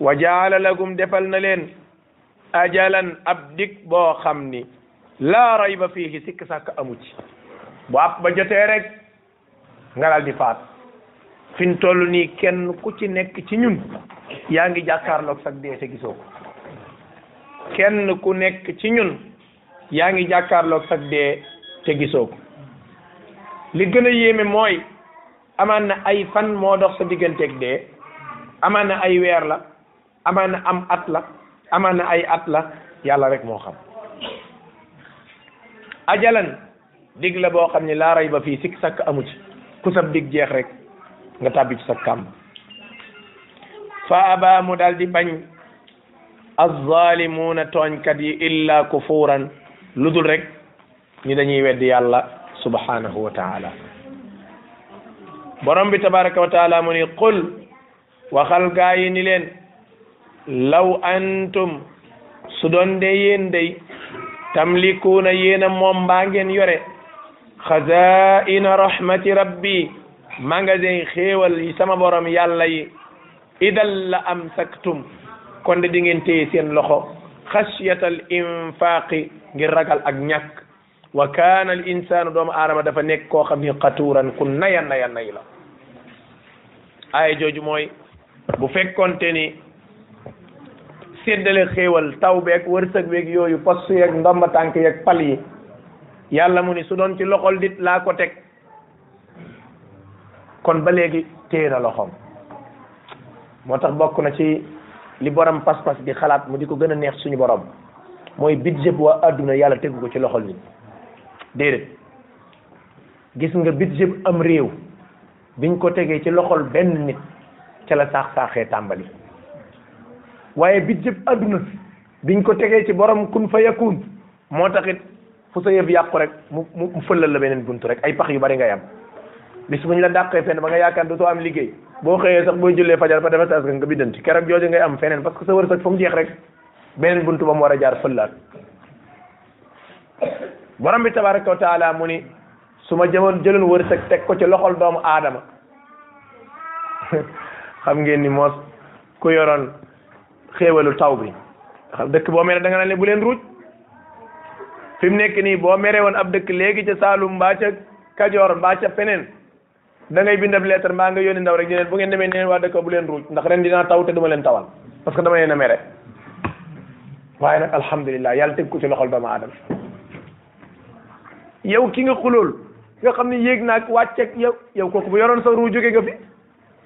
wa jaala lakum na leen ajalan ab dig boo xam ni laa rayba fiihi sikk sàkk amu ci bu ab ba jotee rek nga daal di faat fi mu toll nii kenn ku ci nekk ci ñun yaa ngi jàkkaarlook sag dee te gisoo ko kenn ku nekk ci ñun yaa ngi jàkkaarloog sag dee te gisoo li gën a yéeme mooy amaan na ay fan moo dox sa digganteeg dee amaan na ay weer la amaan na am at la amaan na ay at la yàlla rek moo xam ajalan dig la boo xam ne laa rey ba fii sikk sakk amu ci ku sab dig jeex rek nga tàbbi ci sa kàmb fa aba mu daal di bañ azzaalimuuna tooñkat yi illa kufuuran lu dul rek ñi dañuy weddi yàlla subhanahu wa taala borom bi tabaraka wa taala mu ni qul waxal gaa yi ni leen law antum su doon de yéen day tamlikuuna yéen a moom mbaa ngeen yore xazaina rahmati rabbi magasin xéewal yi sama borom yàlla yi idal la am saktum kon de di ngeen téye seen loxo xasyatal infaqi ngir ragal ak ñàkk wa kaana al insaanu doomu aadama dafa nekk koo xam ni xatuuran ku naya naya nay la aay jooju mooy bu fekkonte ni séddale xéewal taw beeg wërsëg beeg yooyu postu yeeg ndomba tànk yeeg pal yi yàlla mu ni su doon ci loxol dit laa ko teg kon ba léegi téye na loxoom moo tax bokk na ci li borom pas-pas di xalaat mu di ko gën a neex suñu borom mooy bit bu waa adduna yàlla tegu ko ci loxol nit déedéet gis nga bit budget am réew biñ ko tegee ci loxol benn nit ca la saax saaxee tàmbali waaye bit budget adduna biñ ko tegee ci borom kun fa yakun moo taxit fu sa yëf yàqu rek mu mu fëlal la beneen buntu rek ay pax yu bari ngay am bis bu ñu la dàqee fenn ba nga yaakaar dootoo am liggéey boo xëyee sax boo jullee fajar ba dafa taas nga biddanti keroog jooju ngay am feneen parce que sa wërsëg mu jeex rek beneen bunt ba mu war a jaar fëllaat borom bi tabaraka wa taala mu ni su ma jëmoon jëloon teg ko ci loxol doomu aadama (laughs) xam ngeen ni moos ku yoroon xewalu taw bi xam dëkk boo mere da nga naan ne bu leen ruuj fi mu nekk nii boo mere woon ab dëkk léegi ca Saalum mbaa ca Kajoor mbaa ca peneen da ngay bind ab lettre mbaa nga yónni ndaw rek ñu ne bu ngeen demee neen waa dëkk bu leen ruuj ndax ren dinaa taw te duma leen tawal parce que dama leen a mere waaye nag alhamdulilah yàlla teg ko ci loxol doomu aadama yow ki nga xulool nga xam ne yéeg naag wàcceeg yow yow kooku bu yoroon sa ruu jóge nga fi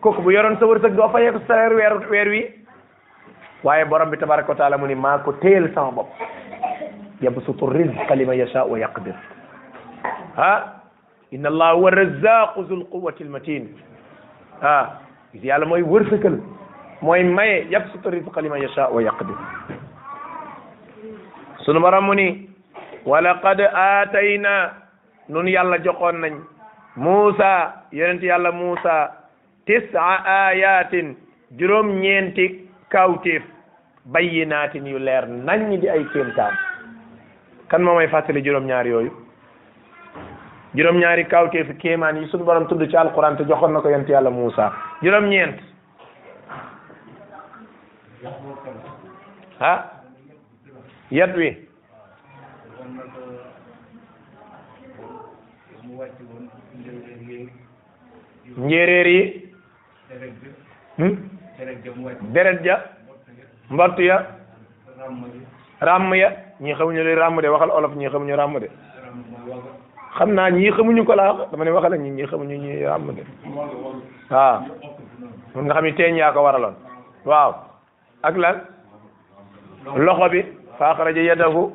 kooku bu yoroon sa wërsëg doo fayee ko salaire weer weer wi waaye borom bi tabaraka wa taala mu ni maa ko téyel sama bopp yabsutu rizqa liman yasha wa yaqdir ah inna allah huwa razaqu zul quwati almatin ah yàlla mooy wërsëgal mooy maye yabsutu rizqa liman yasha wa yaqdir sunu borom mu ni wala walaqad aatayna nun yàlla joxoon nañ muusa yonent yàlla muusa tis'a ayatin juróom ñeenti kawtéef bayyinaatin yu leer nañ di ay kéemtaan kan moo may fàttali juróom ñaar yooyu juróom ñaari kawtéefi kéemaan yi suñu borom tudd ci alquran te joxoon na ko yonent yàlla muusa juróom ñeent ah yat wi defoon yi deret ja mbott hmm? ya ràmm ya ñii xamuñu li ràmm de waxal olof ñii xamuñu ràmm de xam naa ñii xamuñu ko laa dama ne waxal ñi ñii xamuñu ñii ràmm de waaw nga xam ni teeñ yaa ko waraloon waaw ak lan loxo bi fa axraja yadahu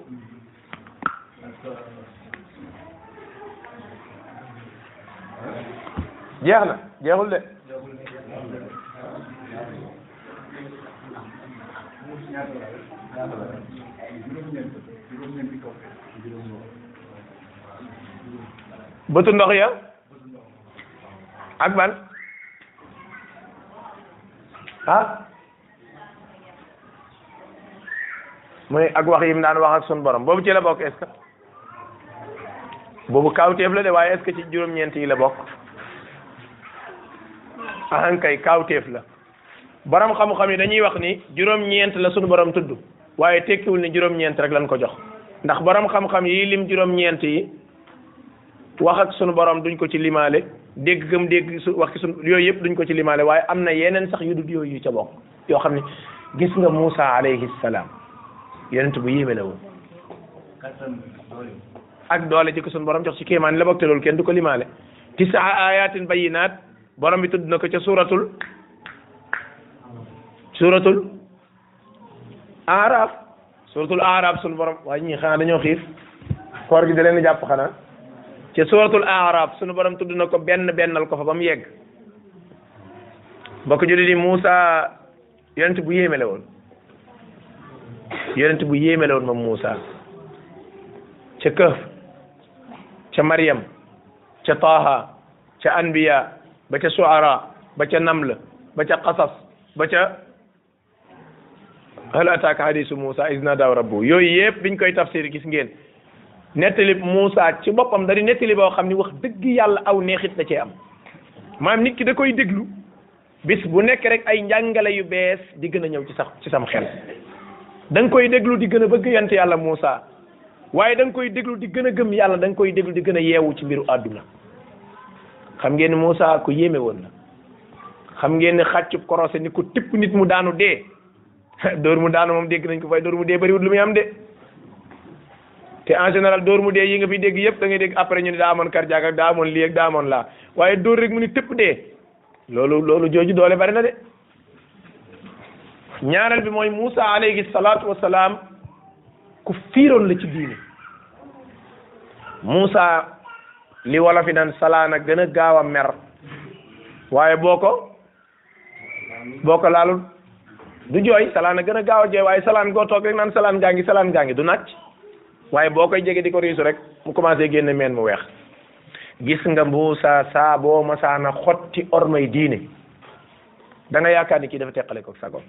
jeex na jeexul de bëtu ndox ya ak ban ah muy ak wax yim daan wax ak sun borom boobu ci la bokk est-ce que de waaye est-ce que ci juróom xankay kaawteef la borom xam-xam yi dañuy wax ni juróom-ñeent la sunu borom tudd waaye tekkiwul ni juróom-ñeent rek lañ ko jox ndax borom xam-xam yi lim juróom-ñeent yi wax ak sunu borom duñ ko ci limaale dégg dégg su wax yooyu yëpp duñ ko ci limaale waaye am na yeneen sax yu yu ca bokk yoo xam ne gis nga Moussa alayhi salaam yonent bu yéeme la ak doole ji ko sunu borom jox ci kéemaan la bokk te kenn du ko limaale tisaa ayatin bayinaat borom bi tudd na ko ca suuratul suuratul aaraaf suuratul aaraaf sunu borom waaye ñii xanaa dañoo xiif koor gi da leen jàpp xanaa ca suuratul aaraaf sunu borom tudd na ko benn bennal ko fa ba mu yegg mbokk jullit yi Moussa yonent bu yéeme la woon yonent bu yéeme la woon moom Moussa ca Kahf ca Maryam ca Taaha ca Anbiya ba ca suara ba ca nam la ba ca qasas ba ca hal ataaka hadisu Moussa na daaw rabbu yooyu yëpp biñ koy tafsir gis ngeen nettali Moussa ci boppam dari nettali boo xam ni wax dëgg yàlla aw neexit da cee am maanaam nit ki da koy déglu bis bu nekk rek ay njàngale yu bees di gën a ñëw ci sax ci sam xel da koy déglu di gën a bëgg yant yàlla Moussa waaye da koy déglu di gën a gëm yàlla da koy déglu di gën a yeewu ci mbiru àdduna xam ngeen ne Moussa ku yéeme woon la xam ngeen ne xàccub korosé ni ku tipp nit mu daanu dee (laughs) door mu daanu moom dégg nañ ko fay dóor mu dee bëriwul lu muy am de te en général dóor mu dee yi nga fi dégg yëpp da ngay après ñu ne daa amoon cardiaque ak daa amoon lii ak daa amoon waaye dóor rek mu ni tipp dee loolu loolu jooju doole bari na de ñaareel bi mooy Moussa alayhi salaatu wa salaam ku fiiroon la ci diine Moussa li wala fi naan salaana gën a gaaw a mer waaye boo ko boo ko laalul du jooy salaana gën a gaaw a jooy waaye salaan goo toog rek naan salaan gaa ngi salaan gaa ngi du nàcc waaye boo koy jege di ko riisu rek mu commencé génn meen mu weex gis nga Muusa saa boo masaana xotti ormay diine da yaakaar ni kii dafa teqale ko sago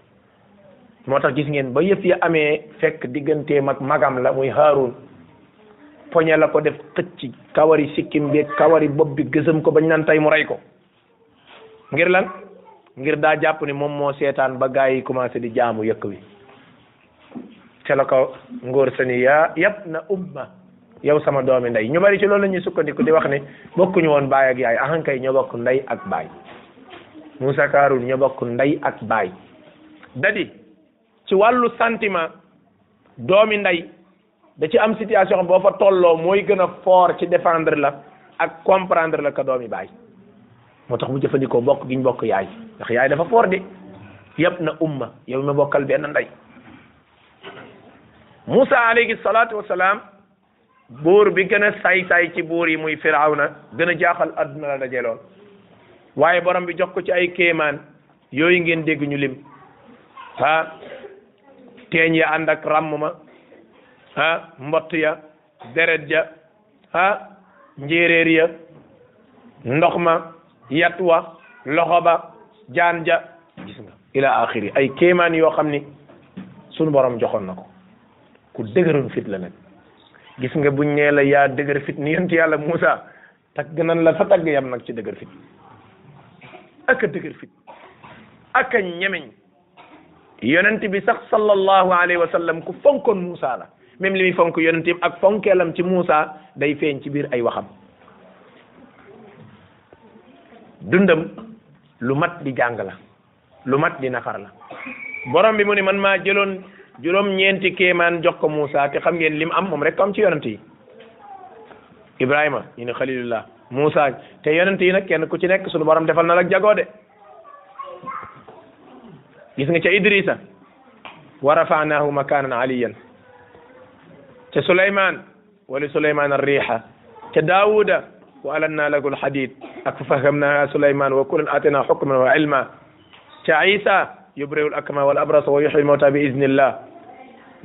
moo tax gis ngeen ba yëf ya amee fekk digganteem ak magam la muy Haarun poñe la ko def xëcc kawari sikkim bi kawari bopp bi gësëm ko bañ naan tey mu rey ko ngir lan ngir daa jàpp ni moom moo seetaan ba gaa yi di jaamu yëkk wi ca la ko ngóor sa ni yaa yab na umma yow sama doomi ndey ñu bari ci loolu la sukkandiku di wax ne bokkuñu woon baay ak yaay ahankay ñu bokk ndey ak baay Moussa Kaarun ñoo bokk ndey ak baay dadi ci wàllu sentiment doomi ndey da ci am situation boo fa tolloo mooy gën a fort ci défendre la ak comprendre la ka doomi baay moo tax mu jëfandikoo bokk giñ bokk yaay ndax yaay dafa fort de yëpp na umma yow ma bokkal benn ndey Moussa alayhi salaatu wasalaam buur bi gën a say saay ci buur yi muy na gën a jaaxal adduna la dajeloon waaye borom bi jox ko ci ay kéemaan yooyu ngeen dégg ñu lim ah teeñ ya ànd ak ràmm ma ah mbott ya deret ja ah njéeréer ya ndox ma yat wa ba jaan ja gis nga ila axiri ay kéemaan yoo xam ni sun borom joxoon na ko ku dëgëroon fit la nag gis nga buñ nee la yaa dëgër fit ni yonent yàlla Moussa tagg nan la fa tagg yam nag ci dëgër fit ak a dëgër fit ak a ñemeñ yonent bi sax sallallahu alayhi wa sallam ku fonkoon Moussa la même li fonk yonentam ak fonkeelam ci Moussa day feeñ ci biir ay waxam dundam lu mat di jàng la lu mat di nafar la borom bi mu ni man maa jëloon juróom-ñeenti kéemaan jox ko Moussa te xam ngeen li mu am moom rek am ci yonent yi Ibrahima ñu ne xalilullah Moussa te yonent yi nag kenn ku ci nekk sunu borom defal na la jagoo de gis nga ca Idrissa wa rafaanahu makaanan aliyan ca Souleymane wali Souleymane ar-riiha ca Daawuda wa alannaa lahu al-hadiid ak fafahhamnaahaa Souleymane wa kullan aataynaa hukman wa ilma ca Isa yubri'u al-akmaa wal abrasa wa yuhyi al-mawtaa bi iznillah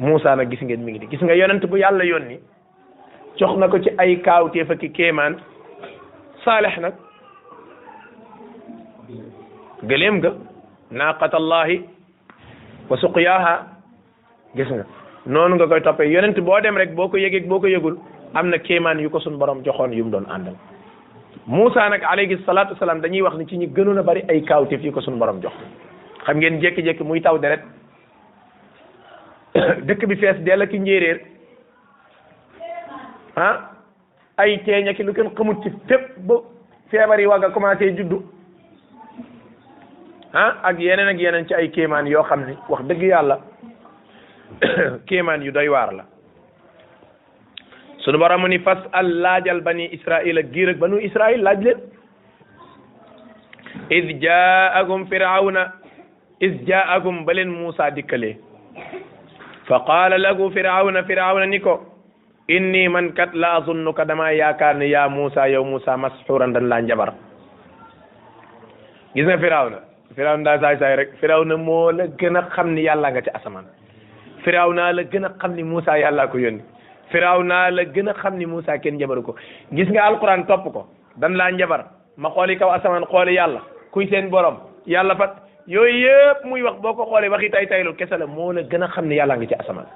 Moussa nag gis ngeen mi ngi di gis nga yonent bu yàlla yónni jox na ko ci ay kaawteef ak i kéemaan Saalix nag gëléem ga naaqata Allahi wa suqyaaha gis nga. noonu nga koy toppee yonent boo dem rek boo ko yëgeeg boo ko yëgul am na kéemaan yu ko suñ borom joxoon yu mu doon àndal Moussa nag alayhi salaatu salaam dañuy wax ni ci ñi gënoon a bari ay kaawteef yu ko suñ borom jox xam ngeen jékki-jékki muy taw deret (coughs) dëkk bi fees dell ki njéeréer ah, ay teeña ki lu kenn xamut ci feebar yi wagg a commencé juddu ah ak yeneen ak yeneen ci ay kéemaan yoo xam ni wax dëgg yàlla (coughs) kéemaan yu doy waar la sunu borom mu ni fas al laajal bani israil ak giir ak banu israil laaj leen is jaagum firawna is jaagum ba leen Muusa dikkalee fa qaala lahu firawna firawna ni ko inni man kat la azunnuka dama yaakaar ne yaa Muusa yow Muusa masxuuran dan laa njabar gis nga firawna firawna daa saay saay rek firawna moo la gën a xam ni yàlla nga ci asamaan naa la gën a xam ni Moussa yàllaa ko yónni Firawna la gën a xam ni Moussa kenn njabaru ko gis nga alquran topp ko dan laa njabar ma xooli kaw asamaan xooli yàlla kuy seen borom yàlla fat yooyu yëpp muy wax boo ko xoolee waxi tay taylu kese la moo la gën a xam ni yàllaa ngi ci asamaan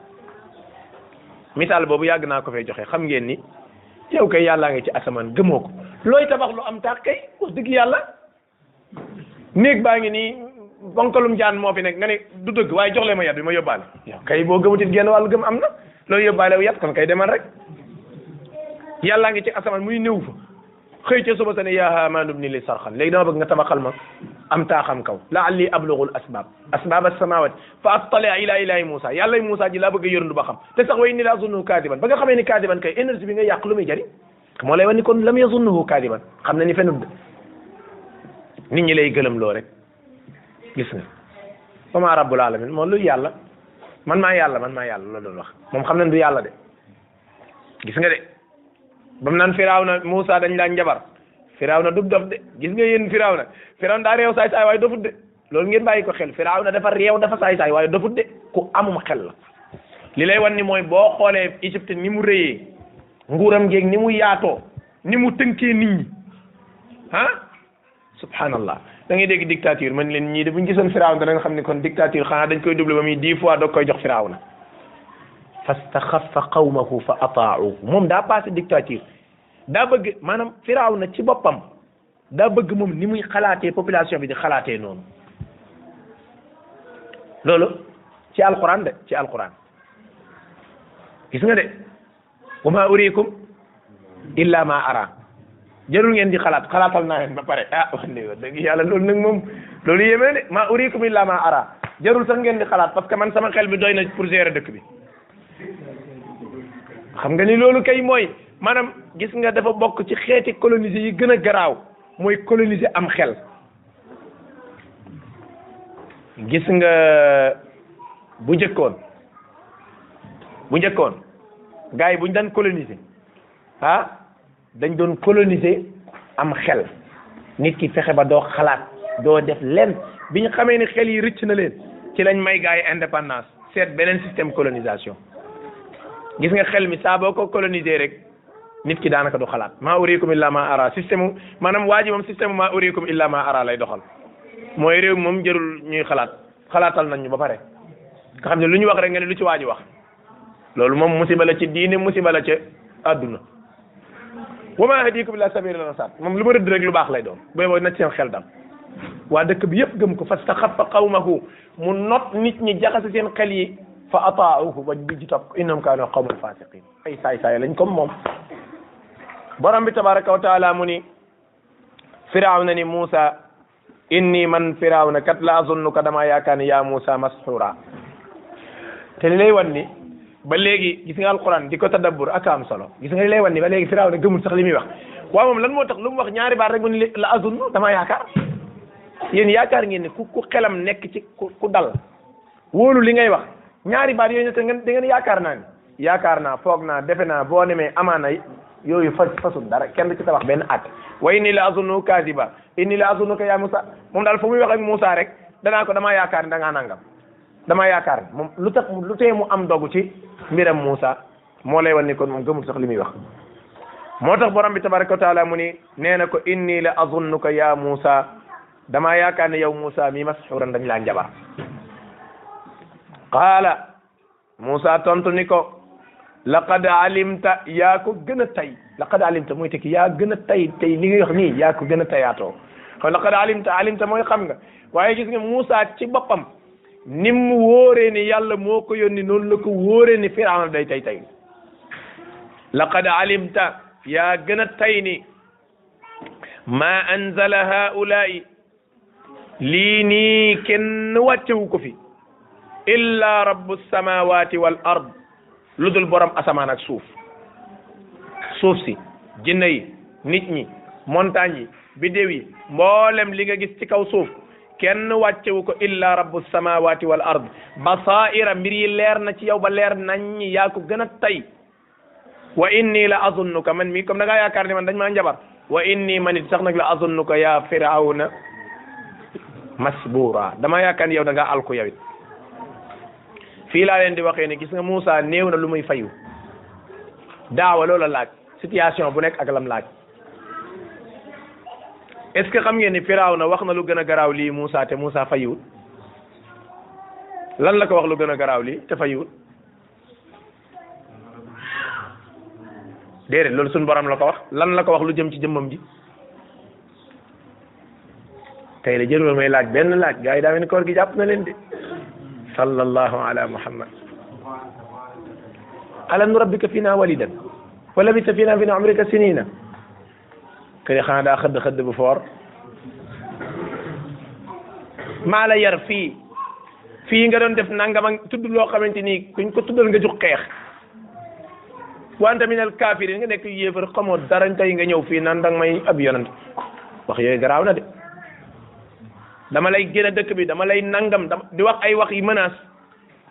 misaal boobu yàgg naa ko fay joxe xam ngeen ni yow kay yàllaa ngi ci asamaan gëmoo ko looy tabax lu am taax kay wax dëgg yàlla néeg baa ngi nii bonkalum jaan moo fi nekk nga ne du dëgg waaye jox leen ma yat bi ma yóbbaale kay boo gëmutit genn wàllu gëm am na loolu yóbbaale yat kon kay demal rek yàlla ngi ci asamaan muy néew fa xëy ci suba sa ne yaa haamaanu bni li sarxan léegi dama bëgg nga tabaxal ma am taaxam kaw la laalli ablugul asbab asbab alsamawat fa attalia ila ilahi moussa yàlla moussa ji laa bëgg a yërndu ba xam te sax way ni laa zunnu kaadiban ba nga xamee ni kaadiban kay énergie bi nga yàq lu muy jari moo lay wan ni kon lam yazunnuhu kaadiban xam na ni fenu nit ñi lay gëlëm loo rek gis nga wama rabbul alamin moom lu yàlla man maa yàlla man maa yàlla la doon wax moom xam nañ du yàlla de gis nga de ba mu naan firaaw na Moussa dañ daan njabar firaaw na dub dof de gis nga yéen firaaw na firaaw na daa réew saay saay waaye dofut de ko xel firaaw na dafa réew dafa saay saay waaye ku amum xel la li lay wan ni mooy boo xoolee Égypte ni mu rëyee nguuram geeg ni mu yaatoo ni mu tënkee nit ñi ah subhanallah da ngay dégg dictature man leen ñii de bu ñu gisoon firaw na da nga xam ne kon dictature xanaa dañ koy double ba muy dix fois doog koy jox firaw fa fastaxafa qawmahu fa ataauu moom daa passé dictature daa bëgg maanaam firaw na ci boppam daa bëgg moom ni muy xalaatee population bi di xalaatee noonu loolu ci alquran de ci alquran gis nga de wa ma urikum illa ma ara jarul ngeen di xalaat xalaatal naa leen ba pare ah wax dëgg yàlla loolu nag moom loolu yéeme de maa uriikum illaa maa ara jarul sax ngeen di xalaat parce que man sama xel bi doy na pour gérer dëkk bi xam nga ni loolu kay mooy maanaam gis nga dafa bokk ci xeeti coloniser yi gën a garaaw mooy coloniser am xel gis nga bu njëkkoon bu njëkkoon gars yi buñ daan coloniser ah dañ doon coloniser am xel nit ki fexe ba doo xalaat doo def lenn bi ñu xamee ni xel yi rëcc na leen ci lañ may yi indépendance seet beneen système colonisation gis nga xel mi saa boo ko coloniser rek nit ki daanaka du xalaat maa uriikum illa ma ara système maanaam waa ji moom système maa uriikum illa ma ara lay doxal mooy réew moom jërul ñuy xalaat xalaatal nañ ñu ba pare nga xam ne lu ñu wax rek nga ne lu ci waa ji wax loolu moom musiba la ci diine musiba la ci àdduna wa maa hadiikum illaa sabiila rasaad moom lu ma rëdd rek lu baax lay doon booy boo na seen xel dal waa dëkk bi yëpp gëm ko fastaxaffa qawmahu mu not nit ñi jaxase seen xel yi fa ataauhu ba bi ji topp innahum kaanu qawman fasiqin ay saay saay lañ comme moom borom bi tabaraka wa taala mu ni firawna ni Muusa inni man firawna kat la azunnuka dama yaakaar ni yaa Muusa masxura te li lay wan ni ba léegi gis nga alquran di ko tadabbur ak am solo gis nga li lay wan ni ba léegi firaaw na gëmul sax li muy wax waaw moom lan moo tax lu mu wax ñaari baat rek mu ne la azun dama yaakaar yéen yaakaar ngeen ne ku ku xelam nekk ci ku dal wóolu li ngay wax ñaari baat yooyu nete ngeen yaakaar naa ni naa foog naa naa boo nemee amaana yooyu fas fasul dara kenn du ci benn at wa inni la azunu kaziba inni la azunuka ya Musa moom daal foo muy wax ak Musa rek danaa ko dama yaakaar ni da nangam dama yaakaar ne moom lu tax lu mu am dogu ci mbiram Moussa moo lay wan ni kon moom gëmul sax li muy wax moo tax borom bi tabaraka wa taala mu ni nee na ko inni la azunnuka ya muusa dama yaakaar ne yow Moussa mii masxuran dañ laa njabar qaala Moussa tontu ni ko laqad alimta yaa ko gën a tay laqad alimta mooy tekki yaa gën a tay tay li ngay nii yaa ko a tayaatoo xaw xam nga waaye gis nga Moussa ci boppam ni mu wóoree ni yàlla moo ko yónni noonu la ko wóoree ni firaana day tay tay laqad alimta yaa gën a tay ma anzala haulaai lii nii kenn wàccewu ko fi illa rabbu samawati wal ard lu dul borom asamaan ak suuf suuf si jinne yi nit ñi montagne yi biddéew mboolem li nga gis ci kaw suuf kenn wàccewu ko rab rabbu samawati wal ard basaira mbir yi leer na ci yow ba leer nañ yaa ko gën a tey wa inni la azunnuka man mi comme da yaakaar ni man dañ maa njabar wa inni man it sax nag la azunnuka ya firawna masbura dama yaakaar yow da ngaa alku yow it fii laa di waxee ne gis nga Moussa néew na lu muy fayu daawa loola laaj situation bu nekk ak lam laaj est-ce que xam ngeen ni Firawna wax na lu gën a garaaw lii Moussa te Moussa fayiwut lan la ko wax lu gën a garaaw lii te fayiwut déedéet loolu suñu borom la ko wax lan la ko wax lu jëm ci jëmmam ji tey la jërul may laaj benn laaj gaa yi daa mel koor gi jàpp na leen de sallallahu ala muhammad alam nurabbika fina walidan wa labisa fina fi umrika sinina kële xanaa daa xëdd xëdd bu foor maa la yar fii fii nga doon def nangam ak tudd loo xamante ni kuñ ko tuddal nga jug xeex wante minal kaafiriin nga nekk yéefar xamoo dara tey nga ñëw fii nan danga may ab yonant wax yooyu garaaw na de dama lay génn dëkk bi dama lay nangam di wax ay wax yi menace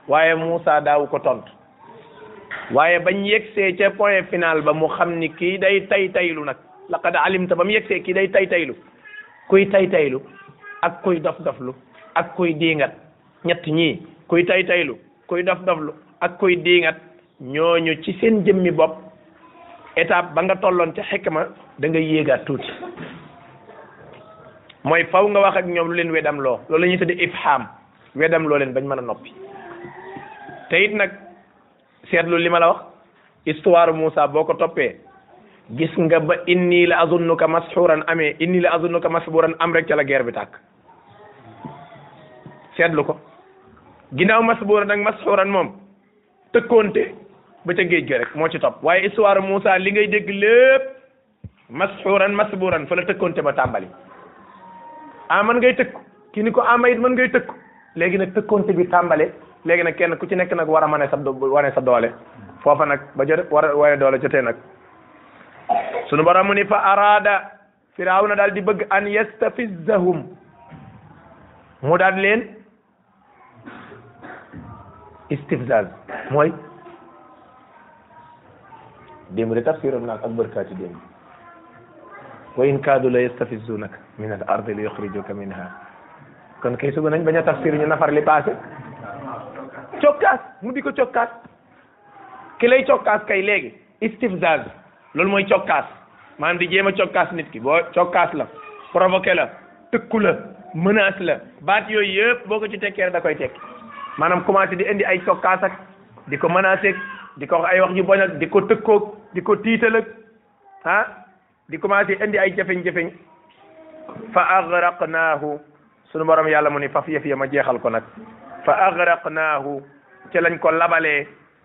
waaye Moussa daawu ko tontu waaye bañ yegsee ca point final ba mu xam ni kii day tay taylu nag laqad alimta ba mu yegsee kii day taytaylu kuy tay taytaylu ak kuy dof doflu ak kuy diingat ñett ñii kuy taytaylu kuy dof doflu ak kuy diingat ñooñu ci seen jëmmi bopp étape ba nga tolloon ca xekk ma dangay yéegaat tuuti mooy faw nga wax ak ñoom lu leen wedam loo loolu la ñuy tuddee ifham wedam loo leen bañ mën a noppi te it nag seetlu li ma la wax histoire Moussa boo ko toppee gis nga ba inni la azunnuka masxuran amee inni la azunnuka masburan am rek cala la guerre bi tàkk ko ginnaaw masburan ak masxuran moom tëkkoonte ba ca géej ga rek moo ci topp waaye histoire Moussa li ngay dégg lépp masxuran masburan fa la tëkkoonte ba tàmbali ah man ngay tëkku ki ni ko ama ah, it man ngay tëkku léegi nag tëkkoonte bi tàmbale léegi nag kenn ku ci nekk nag war a mën sab sa wane sa doole foofa nag ba jot war a wane doole jotee nag sunu borom mu ni fa araada firawna daal di bëgg an yastafizzahum mu daal leen istifzaz mooy démb de tafsiram naak ak bërkaati démb wa in la yastafizunaka min al ardi li yuxrijuka minha kon kay suba nañ bañ a tafsir ñu nafar li passé cokkaas mu di ko cokkaas ki lay cokkaas kay léegi loolu mooy cokkaas maanaam di jéem a cokkaas nit ki boo cokkaas la provoqué la tëkku la menace la baat yooyu yëpp boo ko ci tekkee da koy tekki maanaam commencé di indi ay cokkaas ak di ko menacé di ko ay wax yu bon ak di ko tëkkoog di ko tiital ak ah di commencé indi ay jafeñ-jafeñ fa agraqnaahu sunu borom yàlla mu ni faf yëf ya ma jeexal ko nag fa agraqnaahu ci lañ ko labale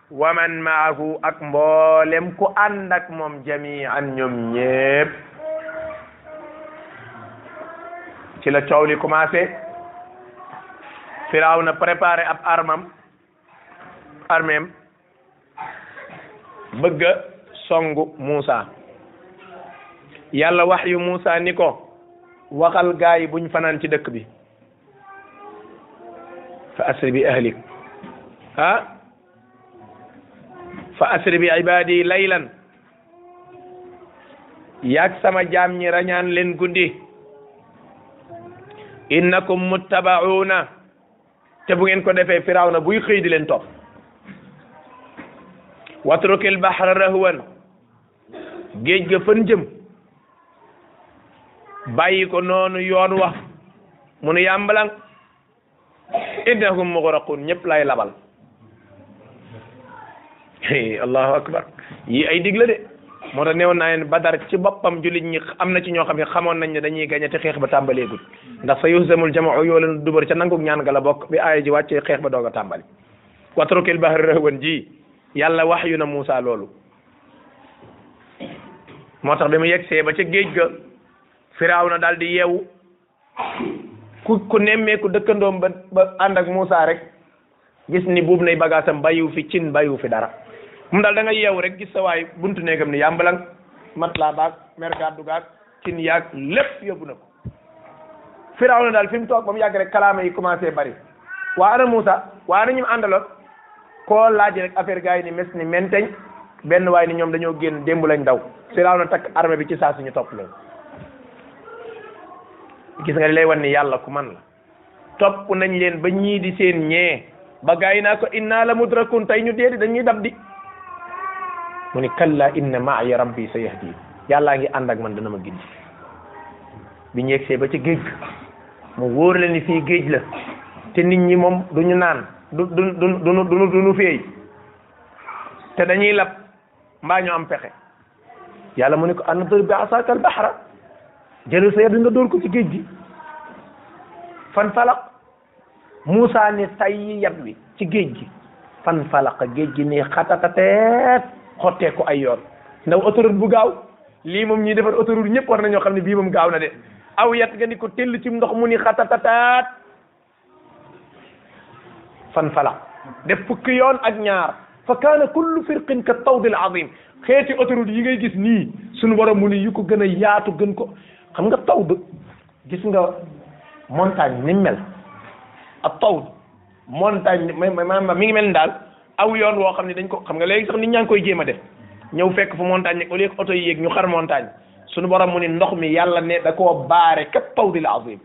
wa man maahu ak mboolem ku ànd ak moom jamian ñoom ñépp ci la coow li commencé na préparé ab armam armeem bëgga songu Muusa yàlla wax Muusa ni ko waxal gaay yi buñ fanaan ci dëkk bi fa asri bi ahlik fa asri bi ibadi laylan yaag sama jaam ñi rañaan leen gundi innakum muttabauna te bu ngeen ko defee firawna buy xëy di leen topp watrukil bahra rahwan géej ga fan jëm bàyyi ko noonu yoon wa mu nu yàmbalang innahum mughraqun ñëpp lay labal (laughs) allahu akbar yii ay digla de moo tax newoon naa leen badar ci boppam jullit ñi am na ci ñoo xam ne xamoon nañ ne dañuy gañe te xeex ba tàmbaleegul ndax sa yuhzamul jamaa yoo leen dubar ca nangug ñaan ga bokk bi ay ji wàccee xeex ba doog a tàmbali watrukil bahri rahwan ji yàlla wax na Moussa loolu moo tax bi mu yegsee ba ca géej ga firaaw na daal di yeewu ku ku nemmeeku dëkkandoom ba ba ànd ak rek gis ni buub nay bagaasam bayu fi cin bayu fi dara mu daal da yeewu rek gis sa waay buntu néegam ni yàmbalang matelas baag mer gàddu gaag cin yaag lépp yóbbu na ko Firawna daal fi mu toog ba mu yàgg rek kalaama yi commencé bari waa ana Moussa waa ana ñu àndaloon koo laaj rek affaire gars yi ni mes ni menteñ benn waay ni ñoom dañoo génn démb lañ daw Firawna takk armée bi ci saa si ñu topp leen gis nga li lay wan ni yàlla ku man la topp nañ leen ba ñii di seen ñee ba gars yi naa ko inna la mudrakun tey ñu dañuy dab di mu ni kalla inna maaya rabbi sa yahdi yàllaa ngi ànd ak man dana ma gindi bi ñu yegsee ba ci géej mu wóor la ni fii géej la te nit ñi moom du ñu naan du du du du du nu feey te dañuy lab mbaa ñu am pexe yàlla mu ne ko an dër bi a al bahra jëlal sa yar nga dóor ko ci géej gi fan falaq Moussa ne tay wi ci géej gi fan falaq géej gi ne xatatateet xottee ko ay yoon ndaw autoroute bu gaaw lii moom ñuy defar autoroute ñëpp war nañoo xam ne bii moom gaaw na de aw yat nga ni ko tell ci ndox mu ni xatatataat fan fala def fukki yoon ak ñaar fa kaana kullu firqin ka tawdil azim xeeti autoroute yi ngay gis nii suñu wara mu ni yu ko gën a yaatu gën ko xam nga tawd gis nga montagne ni mel ak tawd montagne mi ngi mel ni daal aw yoon woo xam ne dañ ko xam nga léegi sax nit ñaa ngi koy jéem a def ñëw fekk fu montagne au lieu que oto yi yéeg ñu xar montagne suñu borom mu ni ndox mi yàlla ne da koo baare ka taw di la azim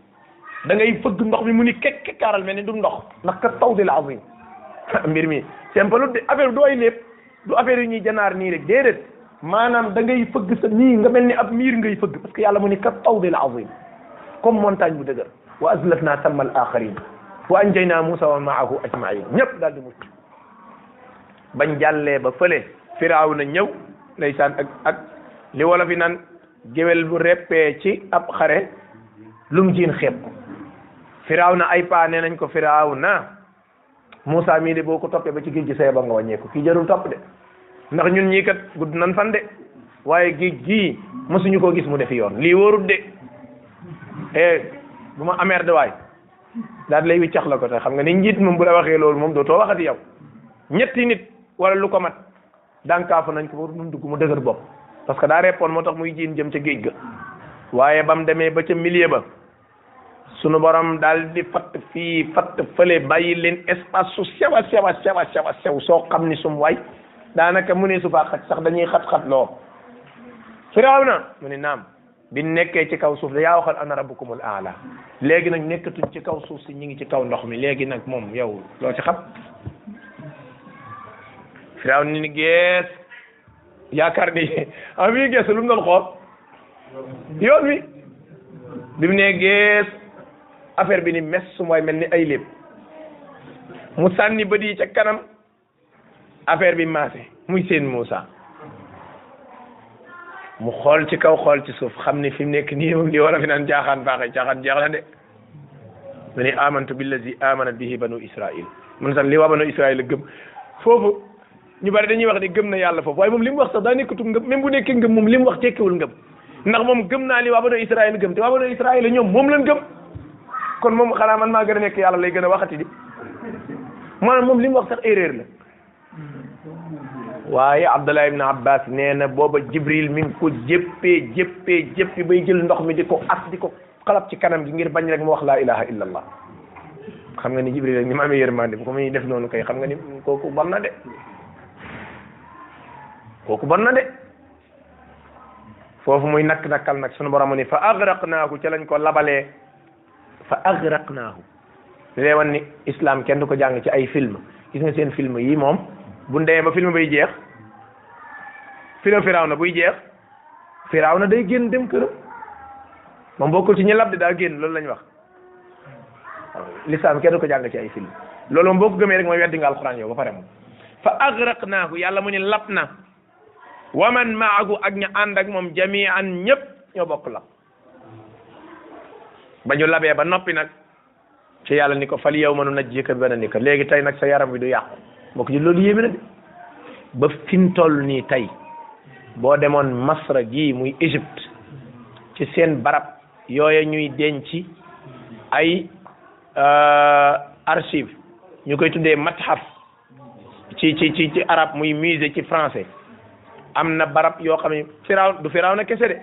da ngay fëgg ndox mi mu ni kek kekkaaral mel ni du ndox ndax ka taw di la azim mbir mi simple de affaire du ay lépp du affaire yi ñuy janaar nii rek déedéet maanaam da ngay fëgg sa nii nga mel ni ab miir ngay fëgg parce que yàlla mu ni ka taw di la azim comme montagne bu dëgër wa azlafna tamal akharin wa anjayna musa wa maahu ajmain ñëpp daal di mucc bañ jàllee ba fële firaaw na ñëw ndeysaan ak ak li wolof yi naan géwél bu reppee ci ab xare lum jiin xeeb ko firaaw na ay paa nee nañ ko firaaw na Moussa mii de boo ko toppee ba ci géej gi saye ba nga wàññeeku kii jarul topp de ndax ñun ñii kat gudd nan fan de waaye géej gii mosuñu ko gis mu defi yoon lii wóorut de eh, bu ma ameer de waay daal lay wiccax la ko te xam nga ni njiit moom bu la waxee loolu moom dootoo waxati yow ñetti nit wala lu ko mat dànkaafu nañ ko pour mu dugg mu dëgër bopp parce que daa reppoon moo tax muy jiin jëm ca géej ga waaye ba demee ba ca millier ba sunu borom daal di fatt fii fatt fële bàyyi leen espace su sew a sew sew soo xam ni sum waay daanaka mu ne su faa xat sax dañuy xat-xat loo su na mu ne naam bi nekkee ci kaw suuf da yaa waxal ana rabbukumul aala léegi nag nekkatuñ ci kaw suuf si ñu ngi ci kaw ndox mi léegi nag moom yow loo ci xam firawna ni gees yaakaar ni (laughs) am bii gees lu mu doon xool yoon wi bi mu ne gees affaire bi ni mes su mooy mel ni ay lépp mu sànni bët yi ca kanam affaire bi maase muy seen Moussa mu xool ci kaw xool ci suuf xam ne fi mu nekk nii moom li war a fi naan jaaxaan baaxee jaaxaan jeex na de mu ne amantu billazi amana bihi banu israil man tam li waa banu israil gëm ñu bari dañuy wax ne gëm na yàlla foofu waaye moom li mu wax sax daa nekkatul ngëm même bu nekkee ngëm moom li mu wax ngëm ndax moom gëm naa li waa banu israil gëm te waa banu israil ñoom moom lañ gëm kon moom xanaa man maa gën nekk yàlla lay gën a waxati di maanaam moom li mu wax sax erreur la waaye abdullah ibn abbas nee na booba jibril mi ngi ko jéppee jéppee jéppi bay jël ndox mi di ko as di ko xalab ci kanam gi ngir bañ rek mu wax laa ilaha illa allah xam nga ni jibril rek ni ma amee yërmande bu ko muy def noonu kay xam nga ni kooku bam na de kooku bon na de foofu muy nakk nakkal nag sunu borom ni fa agraqnaahu ca lañ ko labalee fa agraqnaahu li lay wan ni islaam kenn du ko jàng ci ay film gis nga seen film yii moom bu ndee ba film bay jeex film firaaw na buy jeex firaaw na day génn dem këram moom bokkul ci ñi lab de daa génn loolu lañ wax l'islam kenn du ko jàng ci ay film loolu moom boo gëmee rek mooy weddi nga alxuraan yow ba pare moom fa agraqnaahu yàlla mu ni lab na wa man maahu ak ñu ànd ak moom an ñëpp ñoo bokk lab ba ñu labee ba noppi nag ci yàlla ni ko fal yow mënu najjika bi bananika léegi tey nag sa yaram bi du yàqu mbokk ji loolu yéeme na de ba fin toll nii tey boo demoon masra gii muy Égypte ci seen barab yooye ñuy deñ ci ay euh, archive ñu koy tuddee matxaf ci ci ci ci arab muy musée ci français am na barab yoo xam ne firaw du firaw na kese de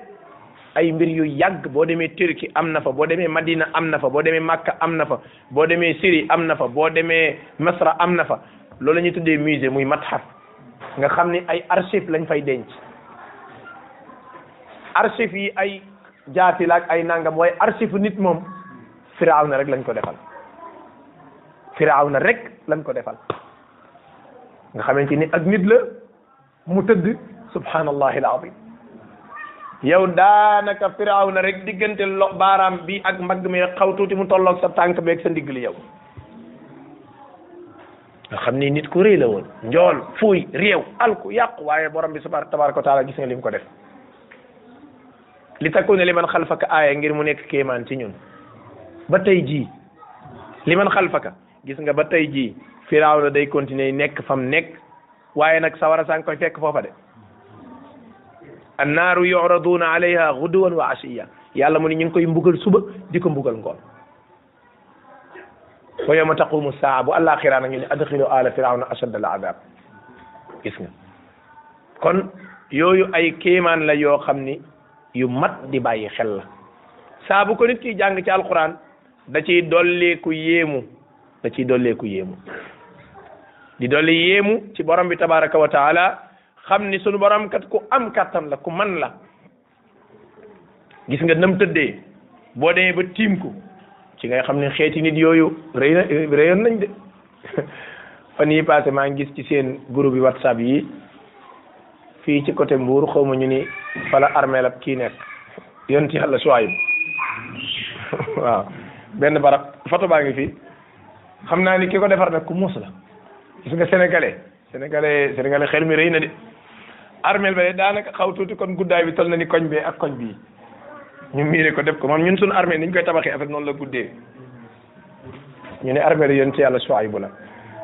ay mbir yu yàgg boo demee Turquie am na fa boo demee Madina am na fa boo demee Makka am na fa boo demee Syrie am na fa boo demee Masra am na fa loolu la ñuy tuddee musée muy matxaf nga xam ne ay archive lañ fay denc archive yi ay jaatilaak ay nangam waaye archive nit moom firaaw na rek lañ ko defal firaaw na rek lañ ko defal nga xamante ni ak nit la mu tëdd subhanallah alazim yow daanaka firaw na rek diggante lo baaraam bi ak mbagg mi xaw tuuti mu tolloog sa tànk bi ak sa ndigg yow nga xam ni nit ku rëy la woon njool fuuy réew alku yàqu waaye borom bi suba tabaraka wa taala gis nga li mu ko def li takuna li man xalfaka aaya ngir mu nekk kéemaan ci ñun ba tey jii li man xalfaka gis nga ba tey jii firaaw na day continuer nekk fam nekk waaye nag sawara sang koy fekk foofa de annaaru yuraduna alayha guduwan wa asiya yàlla mu ne ñu ngi koy mbugal suba di ko bugal ngoon wa yawma taqumu saa bu àllaaxira na ñu ne adxilu ala firawna ashadda al azab gis kon yooyu ay kéemaan la yoo xam ni yu mat di bàyyi xel la saa bu ko nit ki jàng ci alquran da ciy dolleeku yéemu da ciy dolleeku yéemu di dolli yéemu ci borom tabaraka wa taala xam ni sunu borom ku am kàttan la ku man la gis nga nam tëddee boo demee ba tiim ko ci ngay xam ne xeeti nit yooyu rëy na rëyoon nañ de (laughs) fan yi passé maa ngi gis ci seen groupe yi whatsapp yi fii ci côté Mbour xaw ma ñu ni fala armeel ab kii nekk yonent ci yàlla Suwayb (laughs) waaw benn barab photo baa ngi fi xam naa ni ki ko defar nag ku muus la gis nga sénégalais sénégalais sénégalais xel mi rëy na de armel ba de daanaka xaw tuuti kon guddaay bi tol na ni koñ bee ak koñ bii ñu miire ko def ko moom ñun suñu armel ni ñu koy tabaxee affaire noonu la guddee ñu ne armel yoon ci yàlla Suwaybu la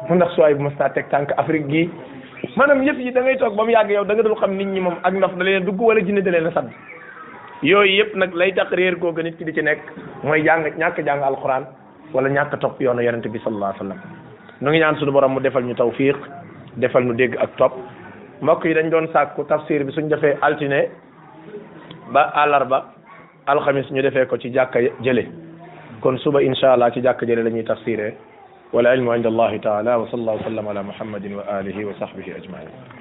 mu ndax Suwaybu mas naa teg tànk Afrique gi maanaam yëpp yi da toog ba mu yàgg yow danga nga dul xam nit ñi moom ak ndox da leen dugg wala jinne da leen a yooyu yëpp nag lay tax réer googu nit ki di ci nekk mooy jàng ñàkk jàng alquran wala ñàkk topp yoonu yonente bi sallallahu alayhi wa sallam nu suñu borom mu defal ñu tawfiq defal ñu dégg ak topp mbokk yi dañ doon sàkku tafsir bi suñ defee altine ba àllarba alxamis ñu defee ko ci jàkk jële kon suba insha allah ci jàkk jële la ñuy tafsiree wal ilmu inda allahi taala wa sallallahu sallam ala muhammadin wa alihi wa sahbihi ajmain